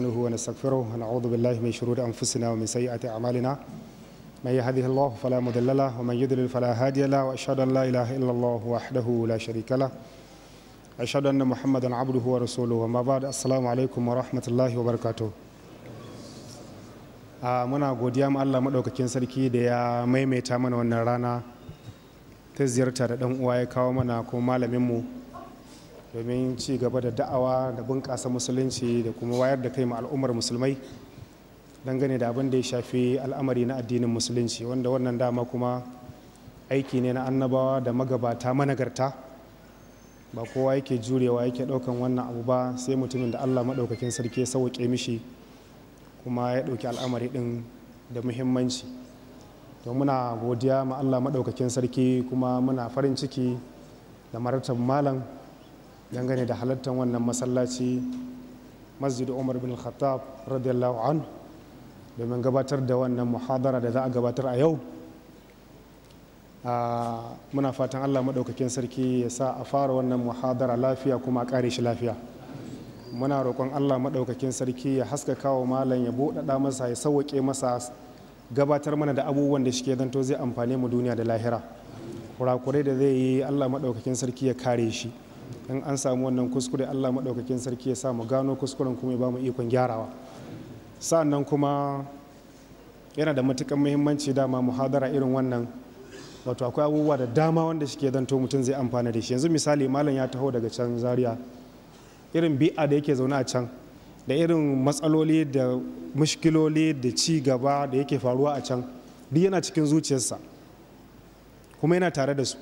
نستعينه ونستغفره ونعوذ بالله من شرور أنفسنا ومن سيئات أعمالنا من يهده الله فلا مضل له ومن يضلل فلا هادي له وأشهد أن لا إله إلا الله وحده لا شريك له أشهد أن محمدا عبده ورسوله وما بعد السلام عليكم ورحمة الله وبركاته muna godiya ma Allah maɗaukakin sarki da ya maimaita mana wannan rana ta ziyarta da ɗan uwa ya kawo mana ko malaminmu domin ci gaba da da'awa da bunƙasa musulunci da kuma wayar da kai ma al'ummar musulmai dangane da abin da ya shafi al'amari na addinin musulunci wanda wannan dama kuma aiki ne na annabawa da magabata managarta ba kowa yake jurewa yake ɗaukan wannan abu ba sai mutumin da allah maɗaukakin sarki ya sauke mishi kuma ya ɗauki al'amari ɗin da muhimmanci to muna godiya ma allah maɗaukakin sarki kuma muna farin ciki da martabar malam dangane da halartar wannan masallaci masjid umar bin khattab radiyallahu an domin gabatar da wannan muhadara da za a gabatar a yau muna fatan allah maɗaukakin sarki ya sa a fara wannan muhadara lafiya kuma a ƙare shi lafiya muna roƙon allah maɗaukakin sarki ya haska kawo malam ya buɗaɗa masa ya sauwaƙe masa gabatar mana da abubuwan da shike zanto zai amfane mu duniya da lahira kurakurai da zai yi allah maɗaukakin sarki ya kare shi in an samu wannan kuskure allah maɗaukakin sarki ya sa mu gano kuskuren kuma ya ba mu ikon gyarawa sa'annan kuma yana da matukan muhimmanci dama muhadara irin wannan wato akwai abubuwa da dama wanda shi ke zanto mutum zai amfana da shi yanzu misali malam ya taho daga can zaria irin bi'a da yake zaune a can da irin matsaloli da mushkiloli da ci gaba da yake faruwa a can duk yana cikin zuciyarsa kuma yana tare da su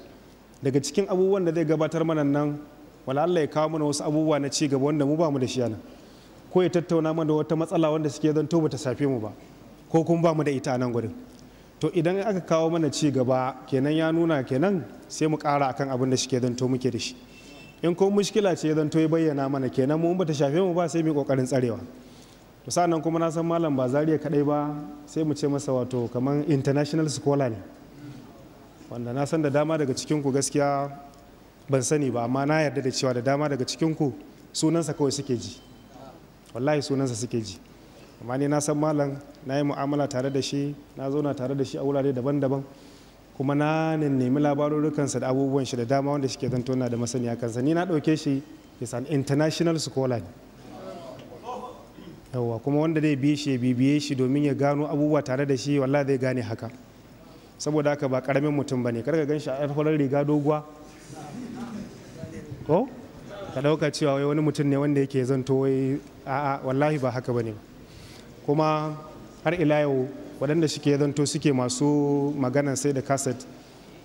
daga cikin abubuwan da zai gabatar mana nan wala Allah ya kawo mana wasu abubuwa na ci gaba wanda mu ba mu da shi nan ko ya tattauna mana wata matsala wanda suke zan to bata safe mu ba ko kuma ba mu da ita nan gurin to idan aka kawo mana ci gaba kenan ya nuna kenan sai mu ƙara akan abin da suke zan to muke da shi in ko mushkila ce zan to ya bayyana mana kenan mu bata shafe mu ba sai mu kokarin tsarewa to sannan kuma na san malam ba zariya kadai ba sai mu ce masa wato kamar international scholar ne wanda na san da dama daga cikin ku gaskiya ban sani ba amma na yarda da cewa da dama daga cikin ku sunansa kawai suke ji wallahi sunansa suke ji amma ni na san malam na yi mu'amala tare da shi na zauna tare da shi a wurare daban-daban kuma na nemi labarurukansa da abubuwan shi da dama wanda suke zanto na da masaniya kansa ni na ɗauke shi is an international scholar ne yawwa kuma wanda zai biye shi ya bibiye shi domin ya gano abubuwa tare da shi wallahi zai gane haka saboda haka ba karamin mutum ba ne karka gan shi a farar riga doguwa ko ka ɗauka cewa wai wani mutum ne wanda yake zanto wai a'a wallahi ba haka bane kuma har ila yau waɗanda suke zanto suke masu maganan sai da kaset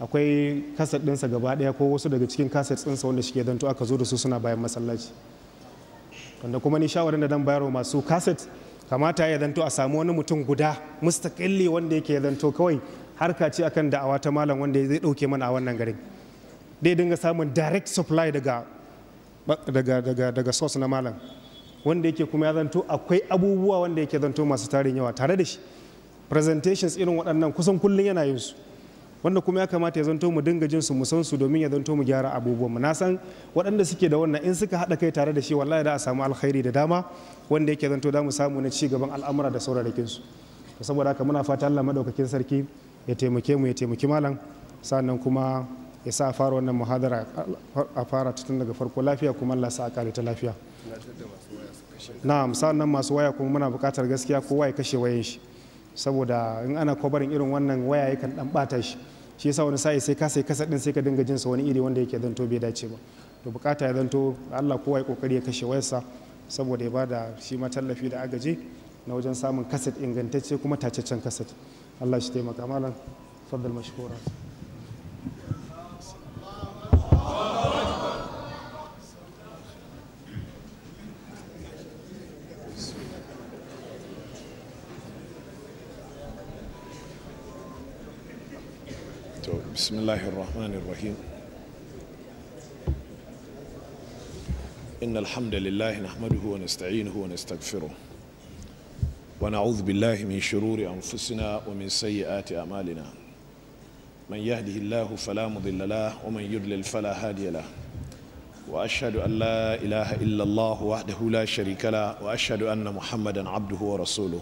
akwai kaset ɗinsa gaba ɗaya ko wasu daga cikin kaset ɗinsa wanda suke zanto aka zo da su suna bayan masallaci wanda kuma ni shawarar da dan bayarwa masu kaset kamata ya zanto a samu wani mutum guda mustaƙilli wanda yake zanto kawai harka ce akan da'awa ta malam wanda zai ɗauke mana a wannan garin dai dinga samun direct supply daga daga daga daga source na malam wanda yake kuma ya zanto akwai abubuwa wanda yake zanto masu tarin yawa tare da shi presentations irin waɗannan kusan kullum yana yin su wanda kuma ya kamata ya zanto mu dinga jin su mu san su domin ya zanto mu gyara abubuwan mu na san waɗanda suke da wannan in suka haɗa kai tare da shi wallahi da a samu alkhairi da dama wanda yake zanto da mu samu na ci gaban al'amura da sauraron su saboda haka muna fata Allah madaukakin sarki ya taimake mu ya taimaki malam sannan kuma ya sa a fara wannan muhadara a fara tun daga farko lafiya kuma Allah a kare ta lafiya na'am nan masu waya kuma muna buƙatar gaskiya kowa ya kashe wayan shi saboda in ana kwabarin irin wannan waya yakan dan bata shi shi yasa wani sa'i sai ka sai kasa din sai ka dinga jinsa wani iri wanda yake zanto bai dace ba to bukata ya zanto Allah kowa ya kokari ya kashe wayarsa saboda ya bada shi ma tallafi da agaji na wajen samun kaset ingantacce kuma tacaccen kaset Allah shi taimaka malam faddal mashkura To, bismillahirrahmanirrahim. Innal hamdalillah nahmaduhu wa nasta'inuhu wa nastaghfiruh. Wa na'udhu billahi min shururi anfusina wa min sayyiati a'malina. Man yahdihillahu fala mudilla lahu wa man yudlil fala hadiyala. lahu. Wa ashhadu an la ilaha illa Allah wahdahu la sharika lahu wa ashhadu anna Muhammadan 'abduhu wa rasuluh.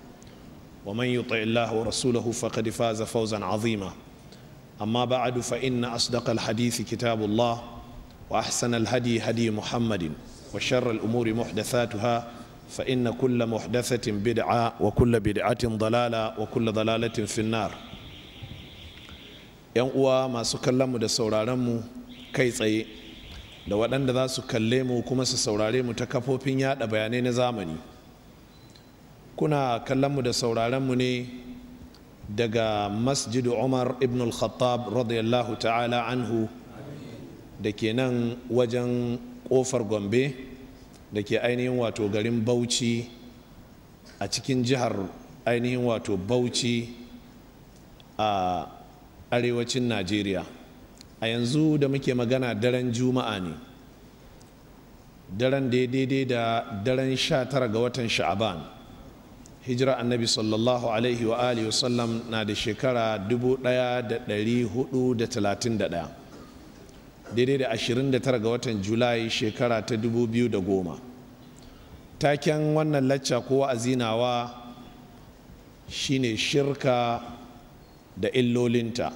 ومن يطع الله ورسوله فقد فاز فوزا عظيما أما بعد فإن أصدق الحديث كتاب الله وأحسن الهدي هدي محمد وشر الأمور محدثاتها فإن كل محدثة بدعة وكل بدعة ضلالة وكل ضلالة في النار yan uwa masu kallonmu da sauraronmu kai tsaye da waɗanda za su kalle mu kuma su saurare mu ta kafofin yada bayanai na zamani kuna mu da mu ne daga masjidu umar ibn al-khattab radiyallahu ta'ala anhu da ke nan wajen kofar gombe da ke ainihin wato garin bauchi a cikin jihar ainihin wato bauchi a arewacin najeriya a yanzu da muke magana daren juma'a ne daren daidai da daren sha tara ga watan sha'aban hijira annabi sallallahu alaihi wa alihi wasallam na da shekara 1431 daidai da 29 ga watan julai shekara ta 2010 taken wannan lacca ko azinawa shine shirka da illolinta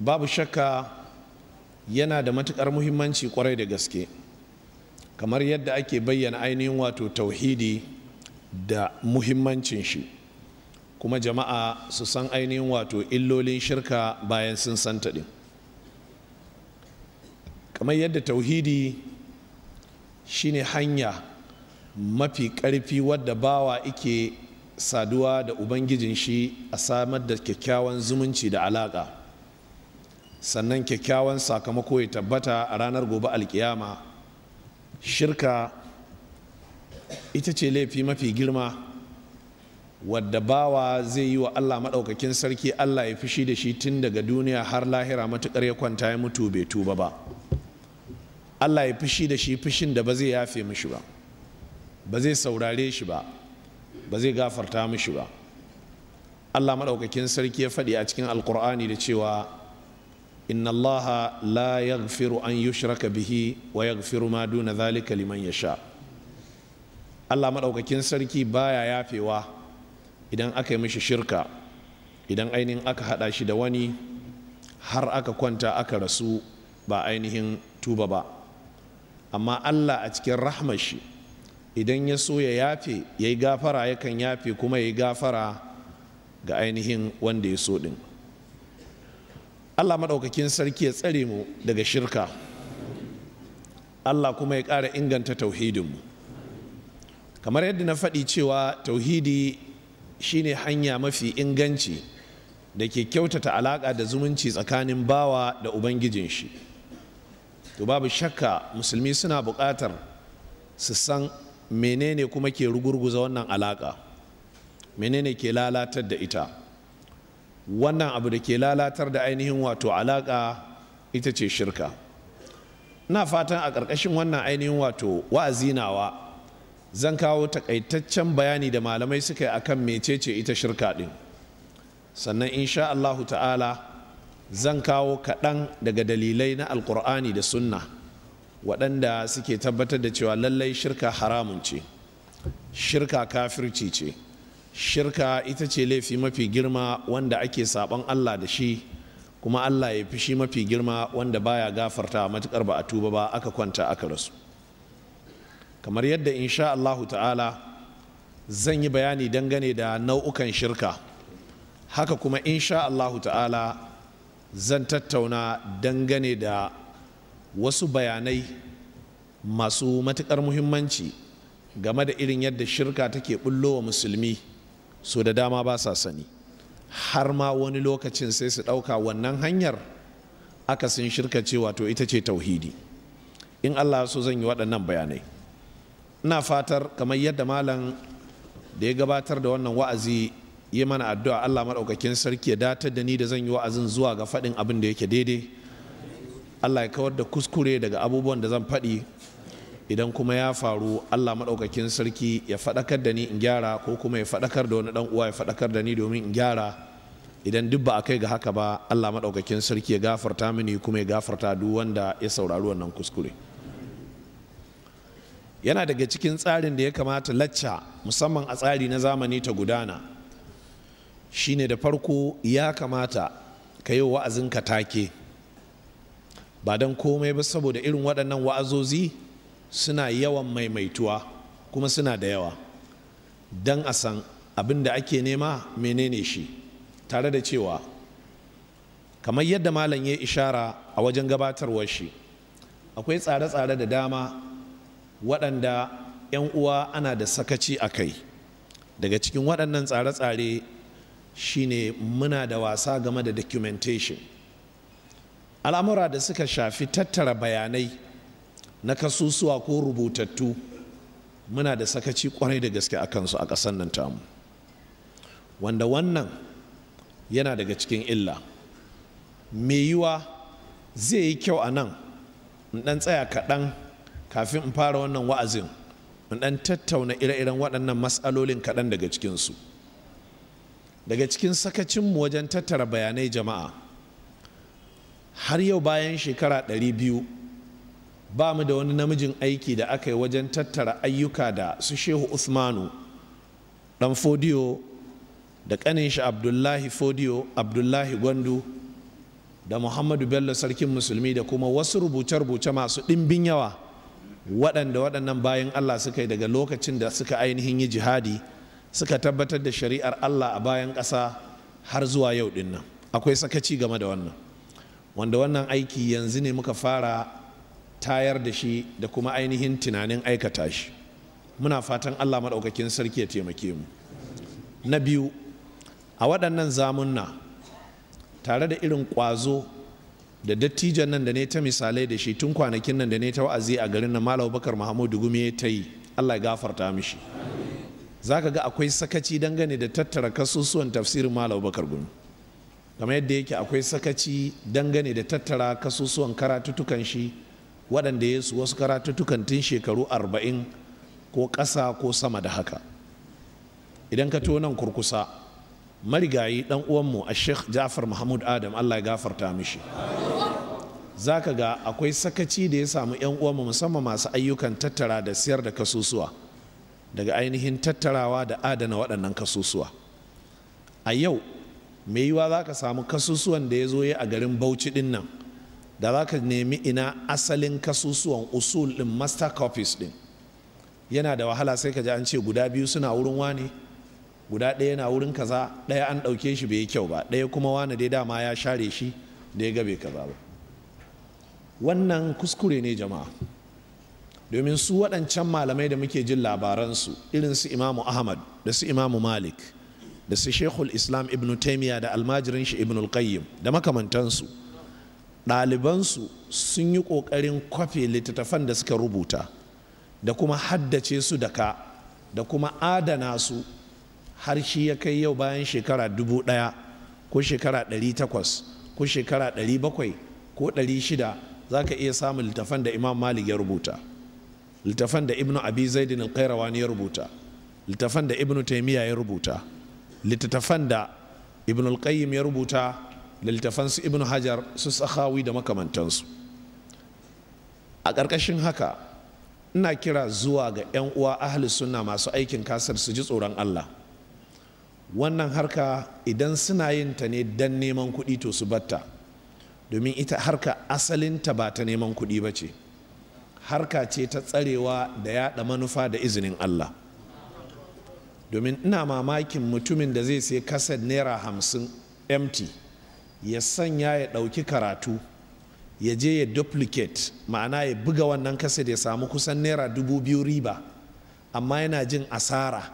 babu shakka yana da matukar muhimmanci kwarai da gaske kamar yadda ake bayyana ainihin wato tauhidi da muhimmancin shi kuma jama'a su san ainihin wato illolin shirka bayan sun san taɗin kamar yadda tauhidi shine hanya mafi ƙarfi wadda bawa ike saduwa da ubangijin shi a samar da kyakkyawan zumunci da alaƙa sannan kyakkyawan sakamako ya tabbata a ranar gobe alkiyama shirka ita ce laifi mafi girma wadda bawa zai yi wa allah maɗaukakin sarki allah ya fushi da shi tun daga duniya har lahira matuƙar ya kwanta ya mutu bai tuba ba allah ya fushi da shi fushin da ba zai yafe mishi ba ba zai saurare shi ba ba zai gafarta mishi ba allah maɗaukakin sarki ya faɗi a cikin alkur'ani da cewa inna allaha la yaghfiru an yushraka bihi wa yaghfiru ma duna zalika liman sha. Allah maɗaukakin sarki baya yafewa idan aka yi mishi shirka idan ainihin aka haɗa shi da wani har aka kwanta aka rasu ba ainihin tuba ba amma Allah a cikin rahmar shi idan ya so ya yafe ya yi gafara yakan yafe kuma ya yi gafara ga ainihin wanda ya so ɗin. Allah maɗaukakin sarki ya tsare mu daga shirka Allah kuma ya ƙara inganta tauhidinmu kamar yadda na faɗi cewa tauhidi shine hanya mafi inganci da ke kyautata alaƙa da zumunci tsakanin bawa da ubangijin shi to babu shakka musulmi suna buƙatar su san menene kuma ke rugurguza wannan alaƙa menene ke lalatar da ita wannan abu da ke lalatar da ainihin wato alaƙa ita ce shirka na fatan a ƙarƙashin wannan ainihin wato wa'azinawa zan kawo takaitaccen bayani da malamai suka yi kan mecece ita shirka ɗin sannan insha Allahu ta'ala zan kawo kaɗan daga dalilai na alƙur'ani da sunna waɗanda suke tabbatar da cewa lallai shirka haramun ce shirka kafirci ce shirka ita ce laifi mafi girma wanda ake saban Allah da shi kuma Allah ya fi shi mafi girma wanda baya gafarta matukar ba a tuba ba aka kwanta aka rasu kamar yadda insha Allahu ta'ala zan yi bayani dangane da nau'ukan shirka haka kuma insha Allahu ta'ala zan tattauna dangane da wasu bayanai masu matukar muhimmanci game da irin yadda shirka take bullo wa musulmi so da dama ba sa sani har ma wani lokacin sai su ɗauka wannan hanyar akasin shirka cewa to ita ce tauhidi in allah so zan yi waɗannan bayanai ina fatar kamar yadda malam da ya gabatar da wannan wa'azi yi mana addu'a allah maɗaukakin sarki ya datar da ni da zan yi wa'azin zuwa ga faɗin abin da yake daidai allah ya kawar da kuskure daga abubuwan da zan faɗi idan kuma ya faru Allah maɗaukakin sarki ya faɗakar da ni in gyara ko kuma ya faɗakar da wani ɗan uwa ya faɗakar da ni domin in gyara idan duk ba a kai ga haka ba Allah maɗaukakin sarki ya gafarta mini kuma ya gafarta duk wanda ya saurari wannan kuskure yana daga cikin tsarin da ya kamata lacca musamman a tsari na zamani ta gudana shine da farko ya kamata ka yi wa'azinka take ba don komai ba saboda irin waɗannan wa'azozi suna yawan maimaituwa kuma suna da yawa don a san abin da ake nema menene shi tare da cewa kamar yadda malam ya ishara a wajen gabatarwar shi akwai tsare-tsare da dama waɗanda 'yan uwa ana da sakaci a kai daga cikin waɗannan tsare-tsare shine muna da wasa game da documentation al'amura da suka shafi tattara bayanai na kasusuwa ko rubutattu muna da sakaci kwarai da gaske a kansu a ƙasar nan tamu wanda wannan yana daga cikin illa mai yiwa zai yi kyau a nan in ɗan tsaya kaɗan kafin in fara wannan wa'azin in ɗan tattauna ire-iren waɗannan matsalolin kaɗan daga cikinsu daga cikin sakacinmu wajen tattara bayanai jama'a har yau bayan shekara 200 ba mu da wani namijin aiki da aka yi wajen tattara ayyuka da su shehu usmanu dan fodiyo da kanin shi abdullahi fodiyo abdullahi gwandu da muhammadu bello sarkin musulmi da kuma wasu rubuce-rubuce masu ɗimbin yawa waɗanda waɗannan bayan allah suka yi daga lokacin da suka ainihin yi jihadi suka tabbatar da shari'ar allah a bayan ƙasa har zuwa yau ɗin akwai sakaci game da wannan wanda wannan aiki yanzu ne muka fara tayar da shi da kuma ainihin tunanin aikata shi muna fatan allah maɗaukakin sarki ya taimake mu na biyu a waɗannan zamunna tare da irin ƙwazo da dattijan nan da ne ta misalai da shi tun kwanakin nan da ne ta wa'azi a garin na malam bakar mahamudu gumi ya ta yi allah ya gafarta mishi za ka ga akwai sakaci dangane da tattara kasusuwan tafsirin malam bakar gumi kamar yadda yake akwai sakaci dangane da tattara kasusuwan karatutukan shi waɗanda ya su wasu karatuttukan tun shekaru arba'in ko ƙasa ko sama da haka idan ka nan kurkusa marigayi ɗan uwanmu a sheikh jafar mahmud adam allah ya gafarta mishi za ka ga akwai sakaci da ya samu 'yan uwanmu musamman masu ayyukan tattara da siyar da kasusuwa daga ainihin tattarawa da adana waɗannan kasusuwa a yau mai yiwa za ka samu kasusuwan da ya zo ya a garin bauchi ɗin nan da za ka nemi ina asalin kasusuwan usul din master copies din yana da wahala sai ka ji an ce guda biyu suna wurin wani guda ɗaya yana wurin kaza ɗaya an ɗauke shi bai yi kyau ba ɗaya kuma wani dai dama ya share shi da ya gabe kaza ba wannan kuskure ne jama'a domin su waɗancan malamai da muke jin labaransu irin su imamu ahmad da su imamu malik da su shekul islam ibn taimiyya da almajirin shi ibn qayyim da makamantansu ɗalibansu sun yi ƙoƙarin kwafe littattafan da suka rubuta da kuma haddace su da ka da kuma adana su har shi ya kai yau bayan shekara dubu ɗaya ko shekara ɗari takwas ko shekara ɗari bakwai ko ɗari shida za ka iya samun littafan da imam malik ya rubuta littafan da ibnu abi zaidin alkairawani ya rubuta littafan da ibnu taimiyya ya rubuta littattafan da ibnu alkayyim ya rubuta da littafan ibn hajar su sahawi da makamantansu a ƙarƙashin haka ina kira zuwa ga 'yan uwa ahli suna masu aikin kasar su ji tsoron allah wannan harka idan suna yin ta ne don neman kuɗi to su batta domin ita harka asalinta ba ta neman kuɗi ba ce harka ce ta tsarewa da yaɗa manufa da izinin allah domin ina mamakin mutumin da zai sai kasar naira hamsin empty ya sanya ya ɗauki karatu ya je ya duplicate ma'ana ya buga wannan kaset ya samu kusan naira dubu biyu riba amma yana jin asara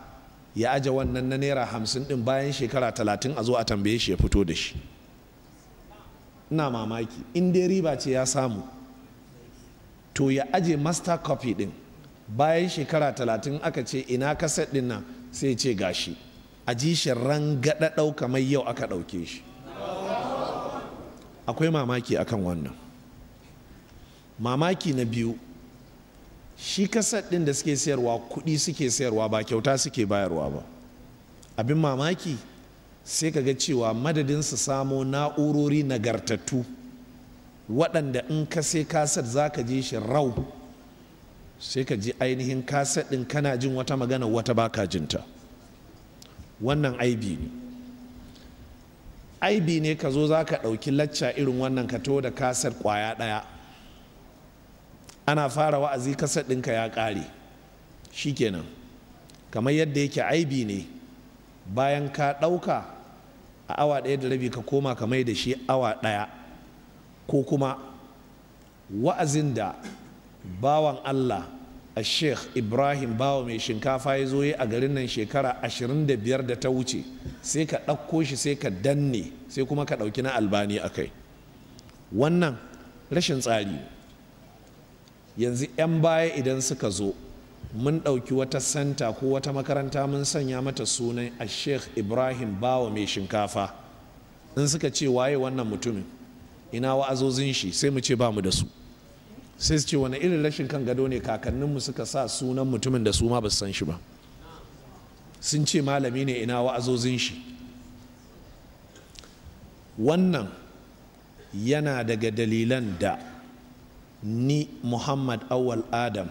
ya aje wannan na naira hamsin din bayan shekara talatin a zo a tambaye shi ya fito da shi ina mamaki in dai riba ce ya samu to ya aje master copy din bayan shekara talatin aka ce ina kaset din nan sai ce gashi a ji shi rangada ɗauka mai yau aka ɗauke shi akwai mamaki akan wannan mamaki na biyu shi kasar ɗin da suke sayarwa kuɗi suke sayarwa ba kyauta suke bayarwa ba abin mamaki sai ka ga cewa madadin su samo na'urori nagartattu waɗanda in ka sai kasar za ka je shi rau sai ka ji ainihin kasar ɗin kana jin wata magana wata baka jinta wannan aibi ne aibi ne ka zo za ka ɗauki lacca irin wannan ka to da kasar kwaya ɗaya ana fara wa'azi kasar ɗinka ya ƙare shi shikenan kamar yadda yake aibi ne bayan ka ɗauka a awa ɗaya da rabi ka koma ka mai da shi awa ɗaya ko kuma wa'azin da bawan allah a sheikh ibrahim bawa mai shinkafa ya zo ya a garin nan shekara 25 da ta wuce sai ka ɗauko shi sai ka danne sai kuma ka ɗauki na albani a kai wannan rashin tsari yanzu 'yan baya idan suka zo mun ɗauki wata santa ko wata makaranta mun sanya mata sunan a sheikh ibrahim bawa mai shinkafa in suka ce waye wannan mutumin ina wa'azozin shi sai mu ce ba mu da su sai su ce wani irin rashin kan gado ne kakanninmu suka sa sunan mutumin da su ma ba su san shi ba sun ce malami ne ina wa'azozin shi wannan yana daga dalilan da ni muhammad awal adam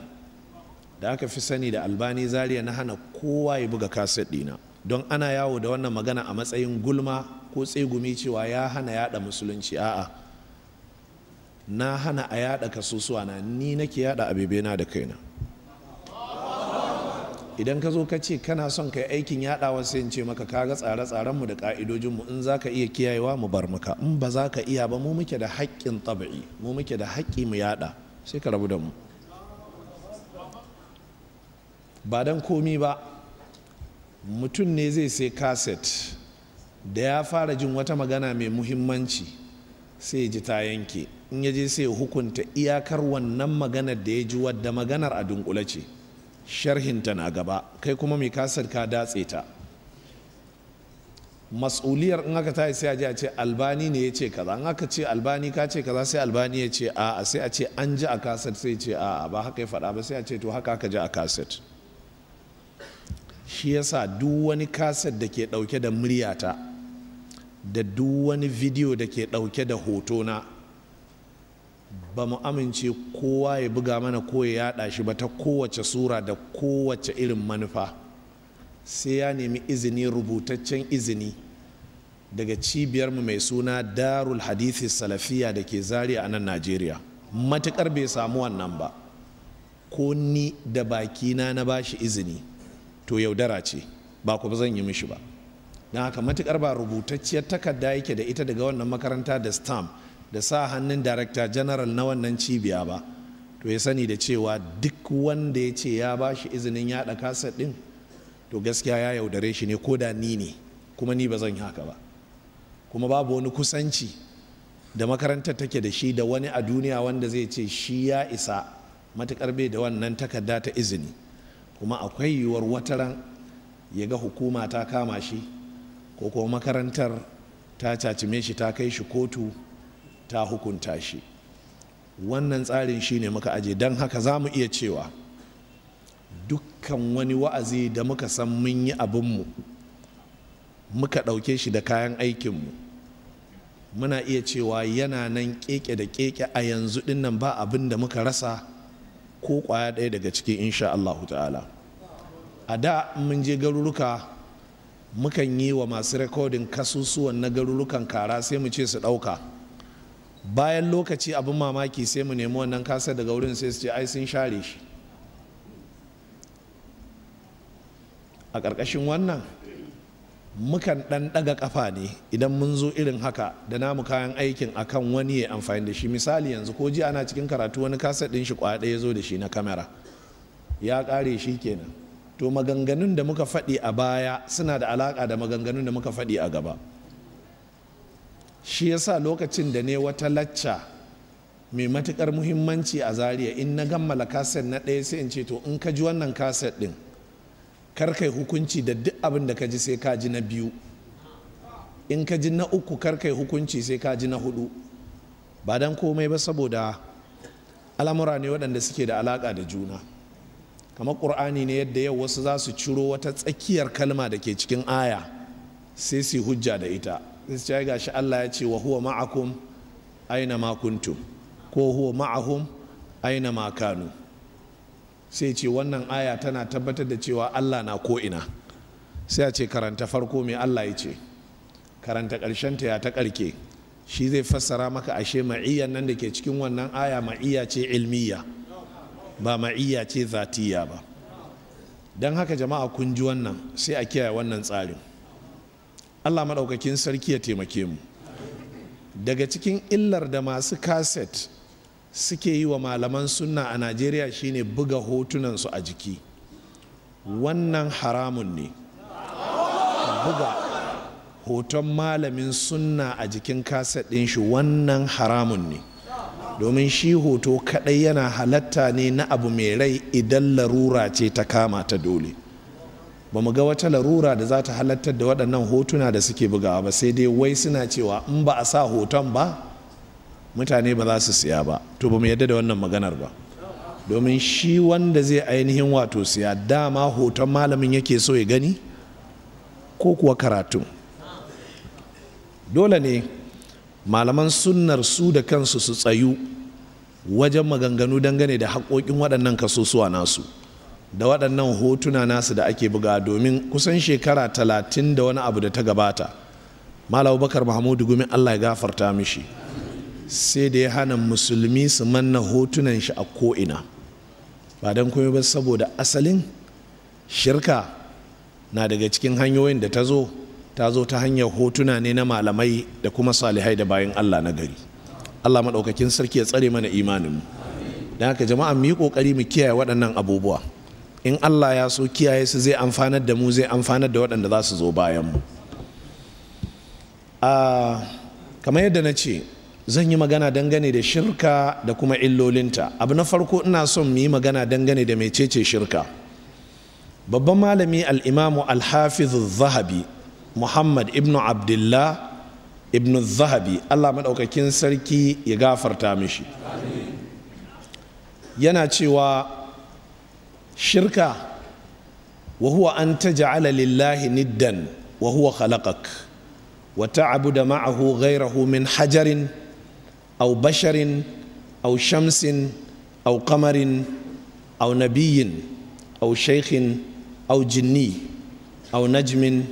da aka fi sani da albani zaria na hana kowa ya buga kaset dina don ana yawo da wannan magana a matsayin gulma ko tsegumi cewa ya hana yada musulunci a'a na hana a yada kasusuwa na ni nake yada abebena da kaina idan ka zo ka ce kana son kai aikin yadawa sai in ce maka kaga tsare-tsaren mu da ka'idojin mu in zaka iya kiyayewa mu bar maka in ba za ka iya ba mu muke da haƙƙin tabi'i mu muke da haƙƙi mu yada sai ka rabu da mu ba dan komi ba mutum ne zai sai kaset da ya fara jin wata magana mai muhimmanci sai ji ta yanke in ya je sai hukunta iyakar wannan maganar da ya ji wadda maganar a dunkule ce sharhinta na gaba kai kuma mai kasar ka datse ta mas'uliyar in aka tashi sai a ji a ce albani ne ya ce kaza in aka ce albani ka ce kaza sai albani ya ce a'a sai a ce an ji a kaset sai ce a'a ba haka ya faɗa ba sai a ce to haka aka ji a kaset shi yasa duk wani kaset da ke ɗauke da muryata da duk wani bidiyo da ke ɗauke da hotona ba mu amince kowa ya buga mana ko ya yaɗa shi ba ta kowace sura da kowace irin manufa sai ya nemi izini rubutaccen izini daga cibiyar mu mai suna darul hadithi salafiya da ke Zariya a nan najeriya Matukar bai samu wannan ba ko ni da bakina na bashi izini to yaudara ce ba ku ba zan yi mishi ba don haka matukar ba rubutacciyar takarda yake da ita daga wannan makaranta da stamp da sa hannun director general na wannan cibiya ba to ya sani da cewa duk wanda ya ce ya ba shi izinin yada kaset din to gaskiya ya yaudare shi ne ko da ni ne kuma ni ba zan yi haka ba kuma babu wani kusanci da makarantar take da shi da wani a duniya wanda zai ce shi ya isa matukar bai da wannan takarda ta izini kuma akwai yiwuwar wataran ya ga hukuma ta kama shi ko kuma makarantar ta cacime shi ta kai shi kotu ta hukunta shi wannan tsarin shi ne muka aje don haka za mu iya cewa dukkan wani wa'azi da muka san mun yi abinmu muka ɗauke shi da kayan aikinmu muna iya cewa yana nan keke da keke a yanzu dinnan ba abin da muka rasa ko kwaya ɗaya daga cikin insha Allah ta'ala a da mun je garuruka mukan yi wa masu rikodin kasusuwan na garurukan kara sai mu ce su ɗauka bayan lokaci abin mamaki sai mu nemi wannan kasa daga wurin sai su ce ai sun share shi a ƙarƙashin wannan mukan ɗan ɗaga ƙafa ne idan mun zo irin haka da namu kayan aikin akan wani ya amfani da shi misali yanzu ko ji ana cikin karatu wani kasar ɗin shi ɗaya ya zo da shi na kamera ya ƙare shi kenan to maganganun da muka faɗi a baya suna da alaƙa da maganganun da muka faɗi a gaba shi yasa lokacin da ne wata lacca mai matuƙar muhimmanci a Zariya in na gammala kaset na ɗaya sai in ce to in ka ji wannan kaset ɗin kar kai hukunci da duk abin da ka ji sai ka ji na biyu in ka ji na uku karkai hukunci sai ka ji na hudu ba dan komai ba saboda al'amura ne waɗanda suke da alaƙa da juna kamar ƙur'ani ne yadda yau wasu za su ciro wata tsakiyar kalma da ke cikin aya sai su hujja da ita sai ga shi Allah ya ce wa huwa ma'akum aina ma ko huwa ma'ahum aina ma kanu sai ce wannan aya tana tabbatar da cewa Allah na ko ina sai a ce karanta farko mai Allah ya ce karanta ƙarshenta ya ta ƙarke shi zai fassara maka ashe ma'iyyan nan da ke cikin wannan aya ma'iyya ce ilmiya ba ma'iyya ce zatiya ba don haka jama'a kun ji wannan sai a kiyaye wannan tsarin allah maɗaukakin sarki ya taimake mu daga cikin illar da masu kaset suke yi wa malaman sunna a najeriya shine buga hotunansu a jiki wannan haramun ne buga hoton malamin sunna a jikin kaset ɗin shi wannan haramun ne domin shi hoto kaɗai yana halatta ne na abu mai rai idan larura ce ta kama ta dole ba mu ga wata larura da za ta halattar da waɗannan hotuna da suke bugawa ba sai dai wai suna cewa in ba a sa hoton ba mutane ba za su siya ba to ba mu yadda da wannan maganar ba domin shi wanda zai ainihin wato siya dama hoton malamin yake so ya gani ko kuwa karatu dole ne malaman sunnar su da kansu su tsayu wajen maganganu dangane da haƙoƙin waɗannan kasusuwa nasu da waɗannan hotuna nasu da ake buga domin kusan shekara talatin da wani abu da ta gabata malam bakar mahmudu gumi allah ya gafarta mishi sai da ya hana musulmi su manna hotunan shi a ko'ina ba don kuma ba saboda asalin shirka na daga cikin hanyoyin da ta zo ta zo ta hanyar hotuna ne na malamai da kuma salihai da bayan Allah na gari Allah maɗaukakin sarki ya tsare mana imanin mu don haka jama'a mu yi ƙoƙari mu kiyaye waɗannan abubuwa in Allah ya so kiyaye su zai amfanar da mu zai amfanar da waɗanda za su zo bayan mu ah, kamar yadda na ce zan yi magana dangane da shirka da kuma illolinta abu na farko ina son mu yi magana dangane da mecece shirka babban malami al al-imamu al-hafiz zahabi muhammad ibn abdullah ibn zahabi allah maɗaukakin sarki ya gafarta mishi yana cewa shirka wa huwa an taj'ala lillahi niddan wa huwa khalaqak wa ta'budu ma'ahu ghayrahu min hajarin aw basharin aw shamsin aw qamarin aw nabiyyin aw shaykhin aw jinni aw najmin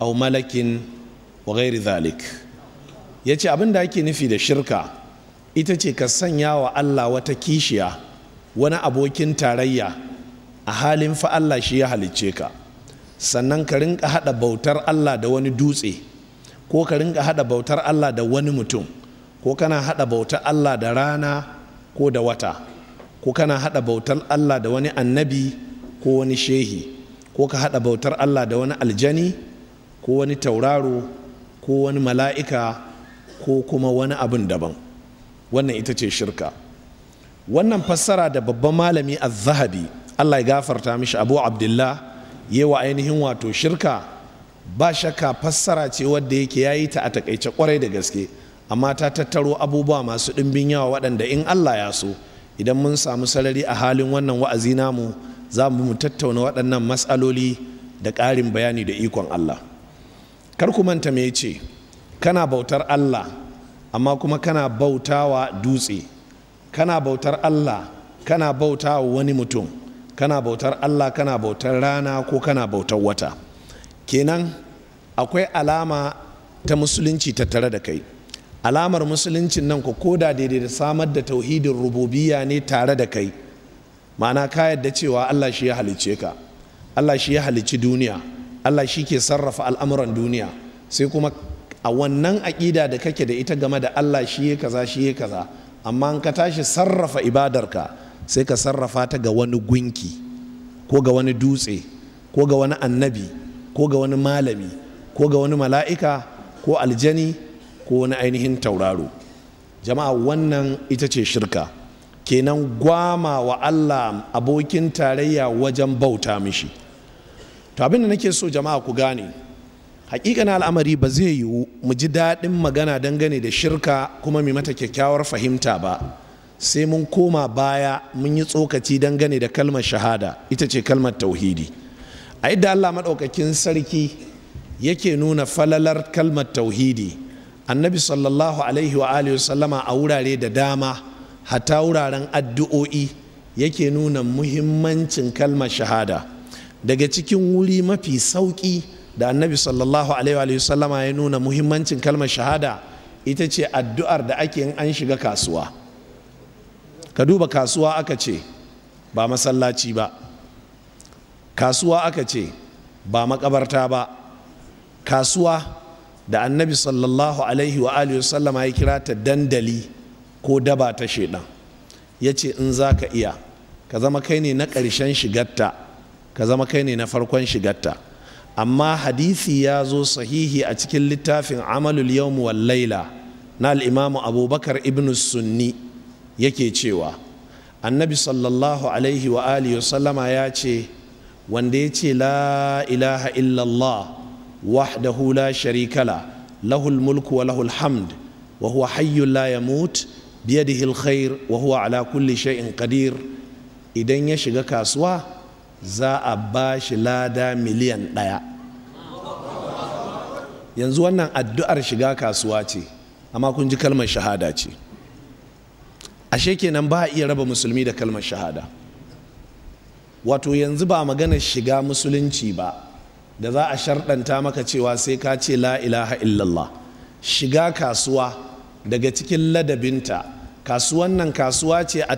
au malakin wa ghairi zalik ya ce abin da ake nufi da shirka ita ce ka sanya wa allah wata kishiya wani abokin tarayya a halin fa allah shi ya halicce ka sannan ka rinka haɗa bautar allah da wani dutse ko ka rinka haɗa bautar allah da wani mutum ko kana haɗa bautar allah da rana ko da wata ko kana haɗa bautar allah da wani annabi ko wani shehi ko ka haɗa bautar allah da wani aljani ko wani tauraro ko wani mala'ika ko kuma wani abin daban wannan ita ce shirka wannan fassara da babban malami az-zahabi Allah ya gafarta mishi Abu Abdullah yawa ainihin wato shirka ba shakka fassara ce wadda yake yayi ta a takaice kwarai da gaske amma ta tattaro abubuwa masu ɗimbin yawa waɗanda in Allah ya so idan mun samu sarari a halin wannan wa'azi namu za mu tattauna waɗannan matsaloli da ƙarin bayani da ikon Allah. kar ku manta me ce kana bautar Allah amma kuma kana bautawa dutse kana bautar Allah kana bautawa wani mutum kana bautar Allah kana bautar rana ko kana bautar wata kenan akwai alama ta musulunci tattare da kai alamar musuluncin nan ko koda daidai da samar da tauhidin rububiyya ne tare da kai ma'ana ka yadda cewa Allah shi ya halicce ka Allah shi ya halicci duniya Allah shi ke sarrafa al'amuran duniya sai kuma a wannan aƙida da kake da ita game da Allah shi ya kaza shi ya kaza amma ka tashi sarrafa ibadarka sai ka sarrafa ta ga wani gunki ko ga wani dutse ko ga wani annabi ko ga wani malami ko ga wani mala'ika ko aljani ko wani ainihin tauraro jama'a wannan ita ce shirka kenan gwama wa Allah abokin tarayya wajen bauta mishi to abin da nake so jama'a ku gane na al'amari ba zai yiwu mu ji daɗin magana dangane da shirka kuma mai mata kyakkyawar fahimta ba sai mun koma baya mun yi tsokaci dangane da kalmar shahada ita ce kalmar tauhidi a yadda allah maɗaukakin sarki yake nuna falalar kalmar tauhidi annabi sallallahu alaihi wa alihi sallama a wurare da dama hata wuraren addu'o'i yake nuna muhimmancin kalmar shahada daga cikin wuri mafi sauƙi da annabi sallallahu alaihi sallama ya nuna muhimmancin kalmar shahada ita ce addu'ar da ake yin an shiga kasuwa ka duba kasuwa aka ce ba masallaci ba kasuwa aka ce ba makabarta ba kasuwa da annabi sallallahu alaihi wa sallama ya kira ta dandali ko daba ta shaidan ya ce in za ka iya ka zama kai ne na ƙarshen shigarta ka zama kai ne na farkon shigarta amma hadisi ya zo sahihi a cikin littafin amalul yawm wal laila na al abubakar ibn sunni yake cewa annabi sallallahu alaihi wa alihi ya ce wanda ya ce la ilaha illallah wahdahu la sharikala lahul mulku wa lahul hamd wa huwa hayyun la yamut biyadihi alkhair wa huwa ala kulli shay'in qadir idan ya shiga kasuwa za a ba shi lada miliyan ɗaya yanzu wannan addu'ar shiga kasuwa ce amma kun ji kalmar shahada ce ashe kenan ba a iya raba musulmi da kalmar shahada wato yanzu ba maganar shiga musulunci ba da za a sharɗanta maka cewa sai ka ce la ilaha illallah shiga kasuwa daga cikin ladabinta kasuwan nan kasuwa ce a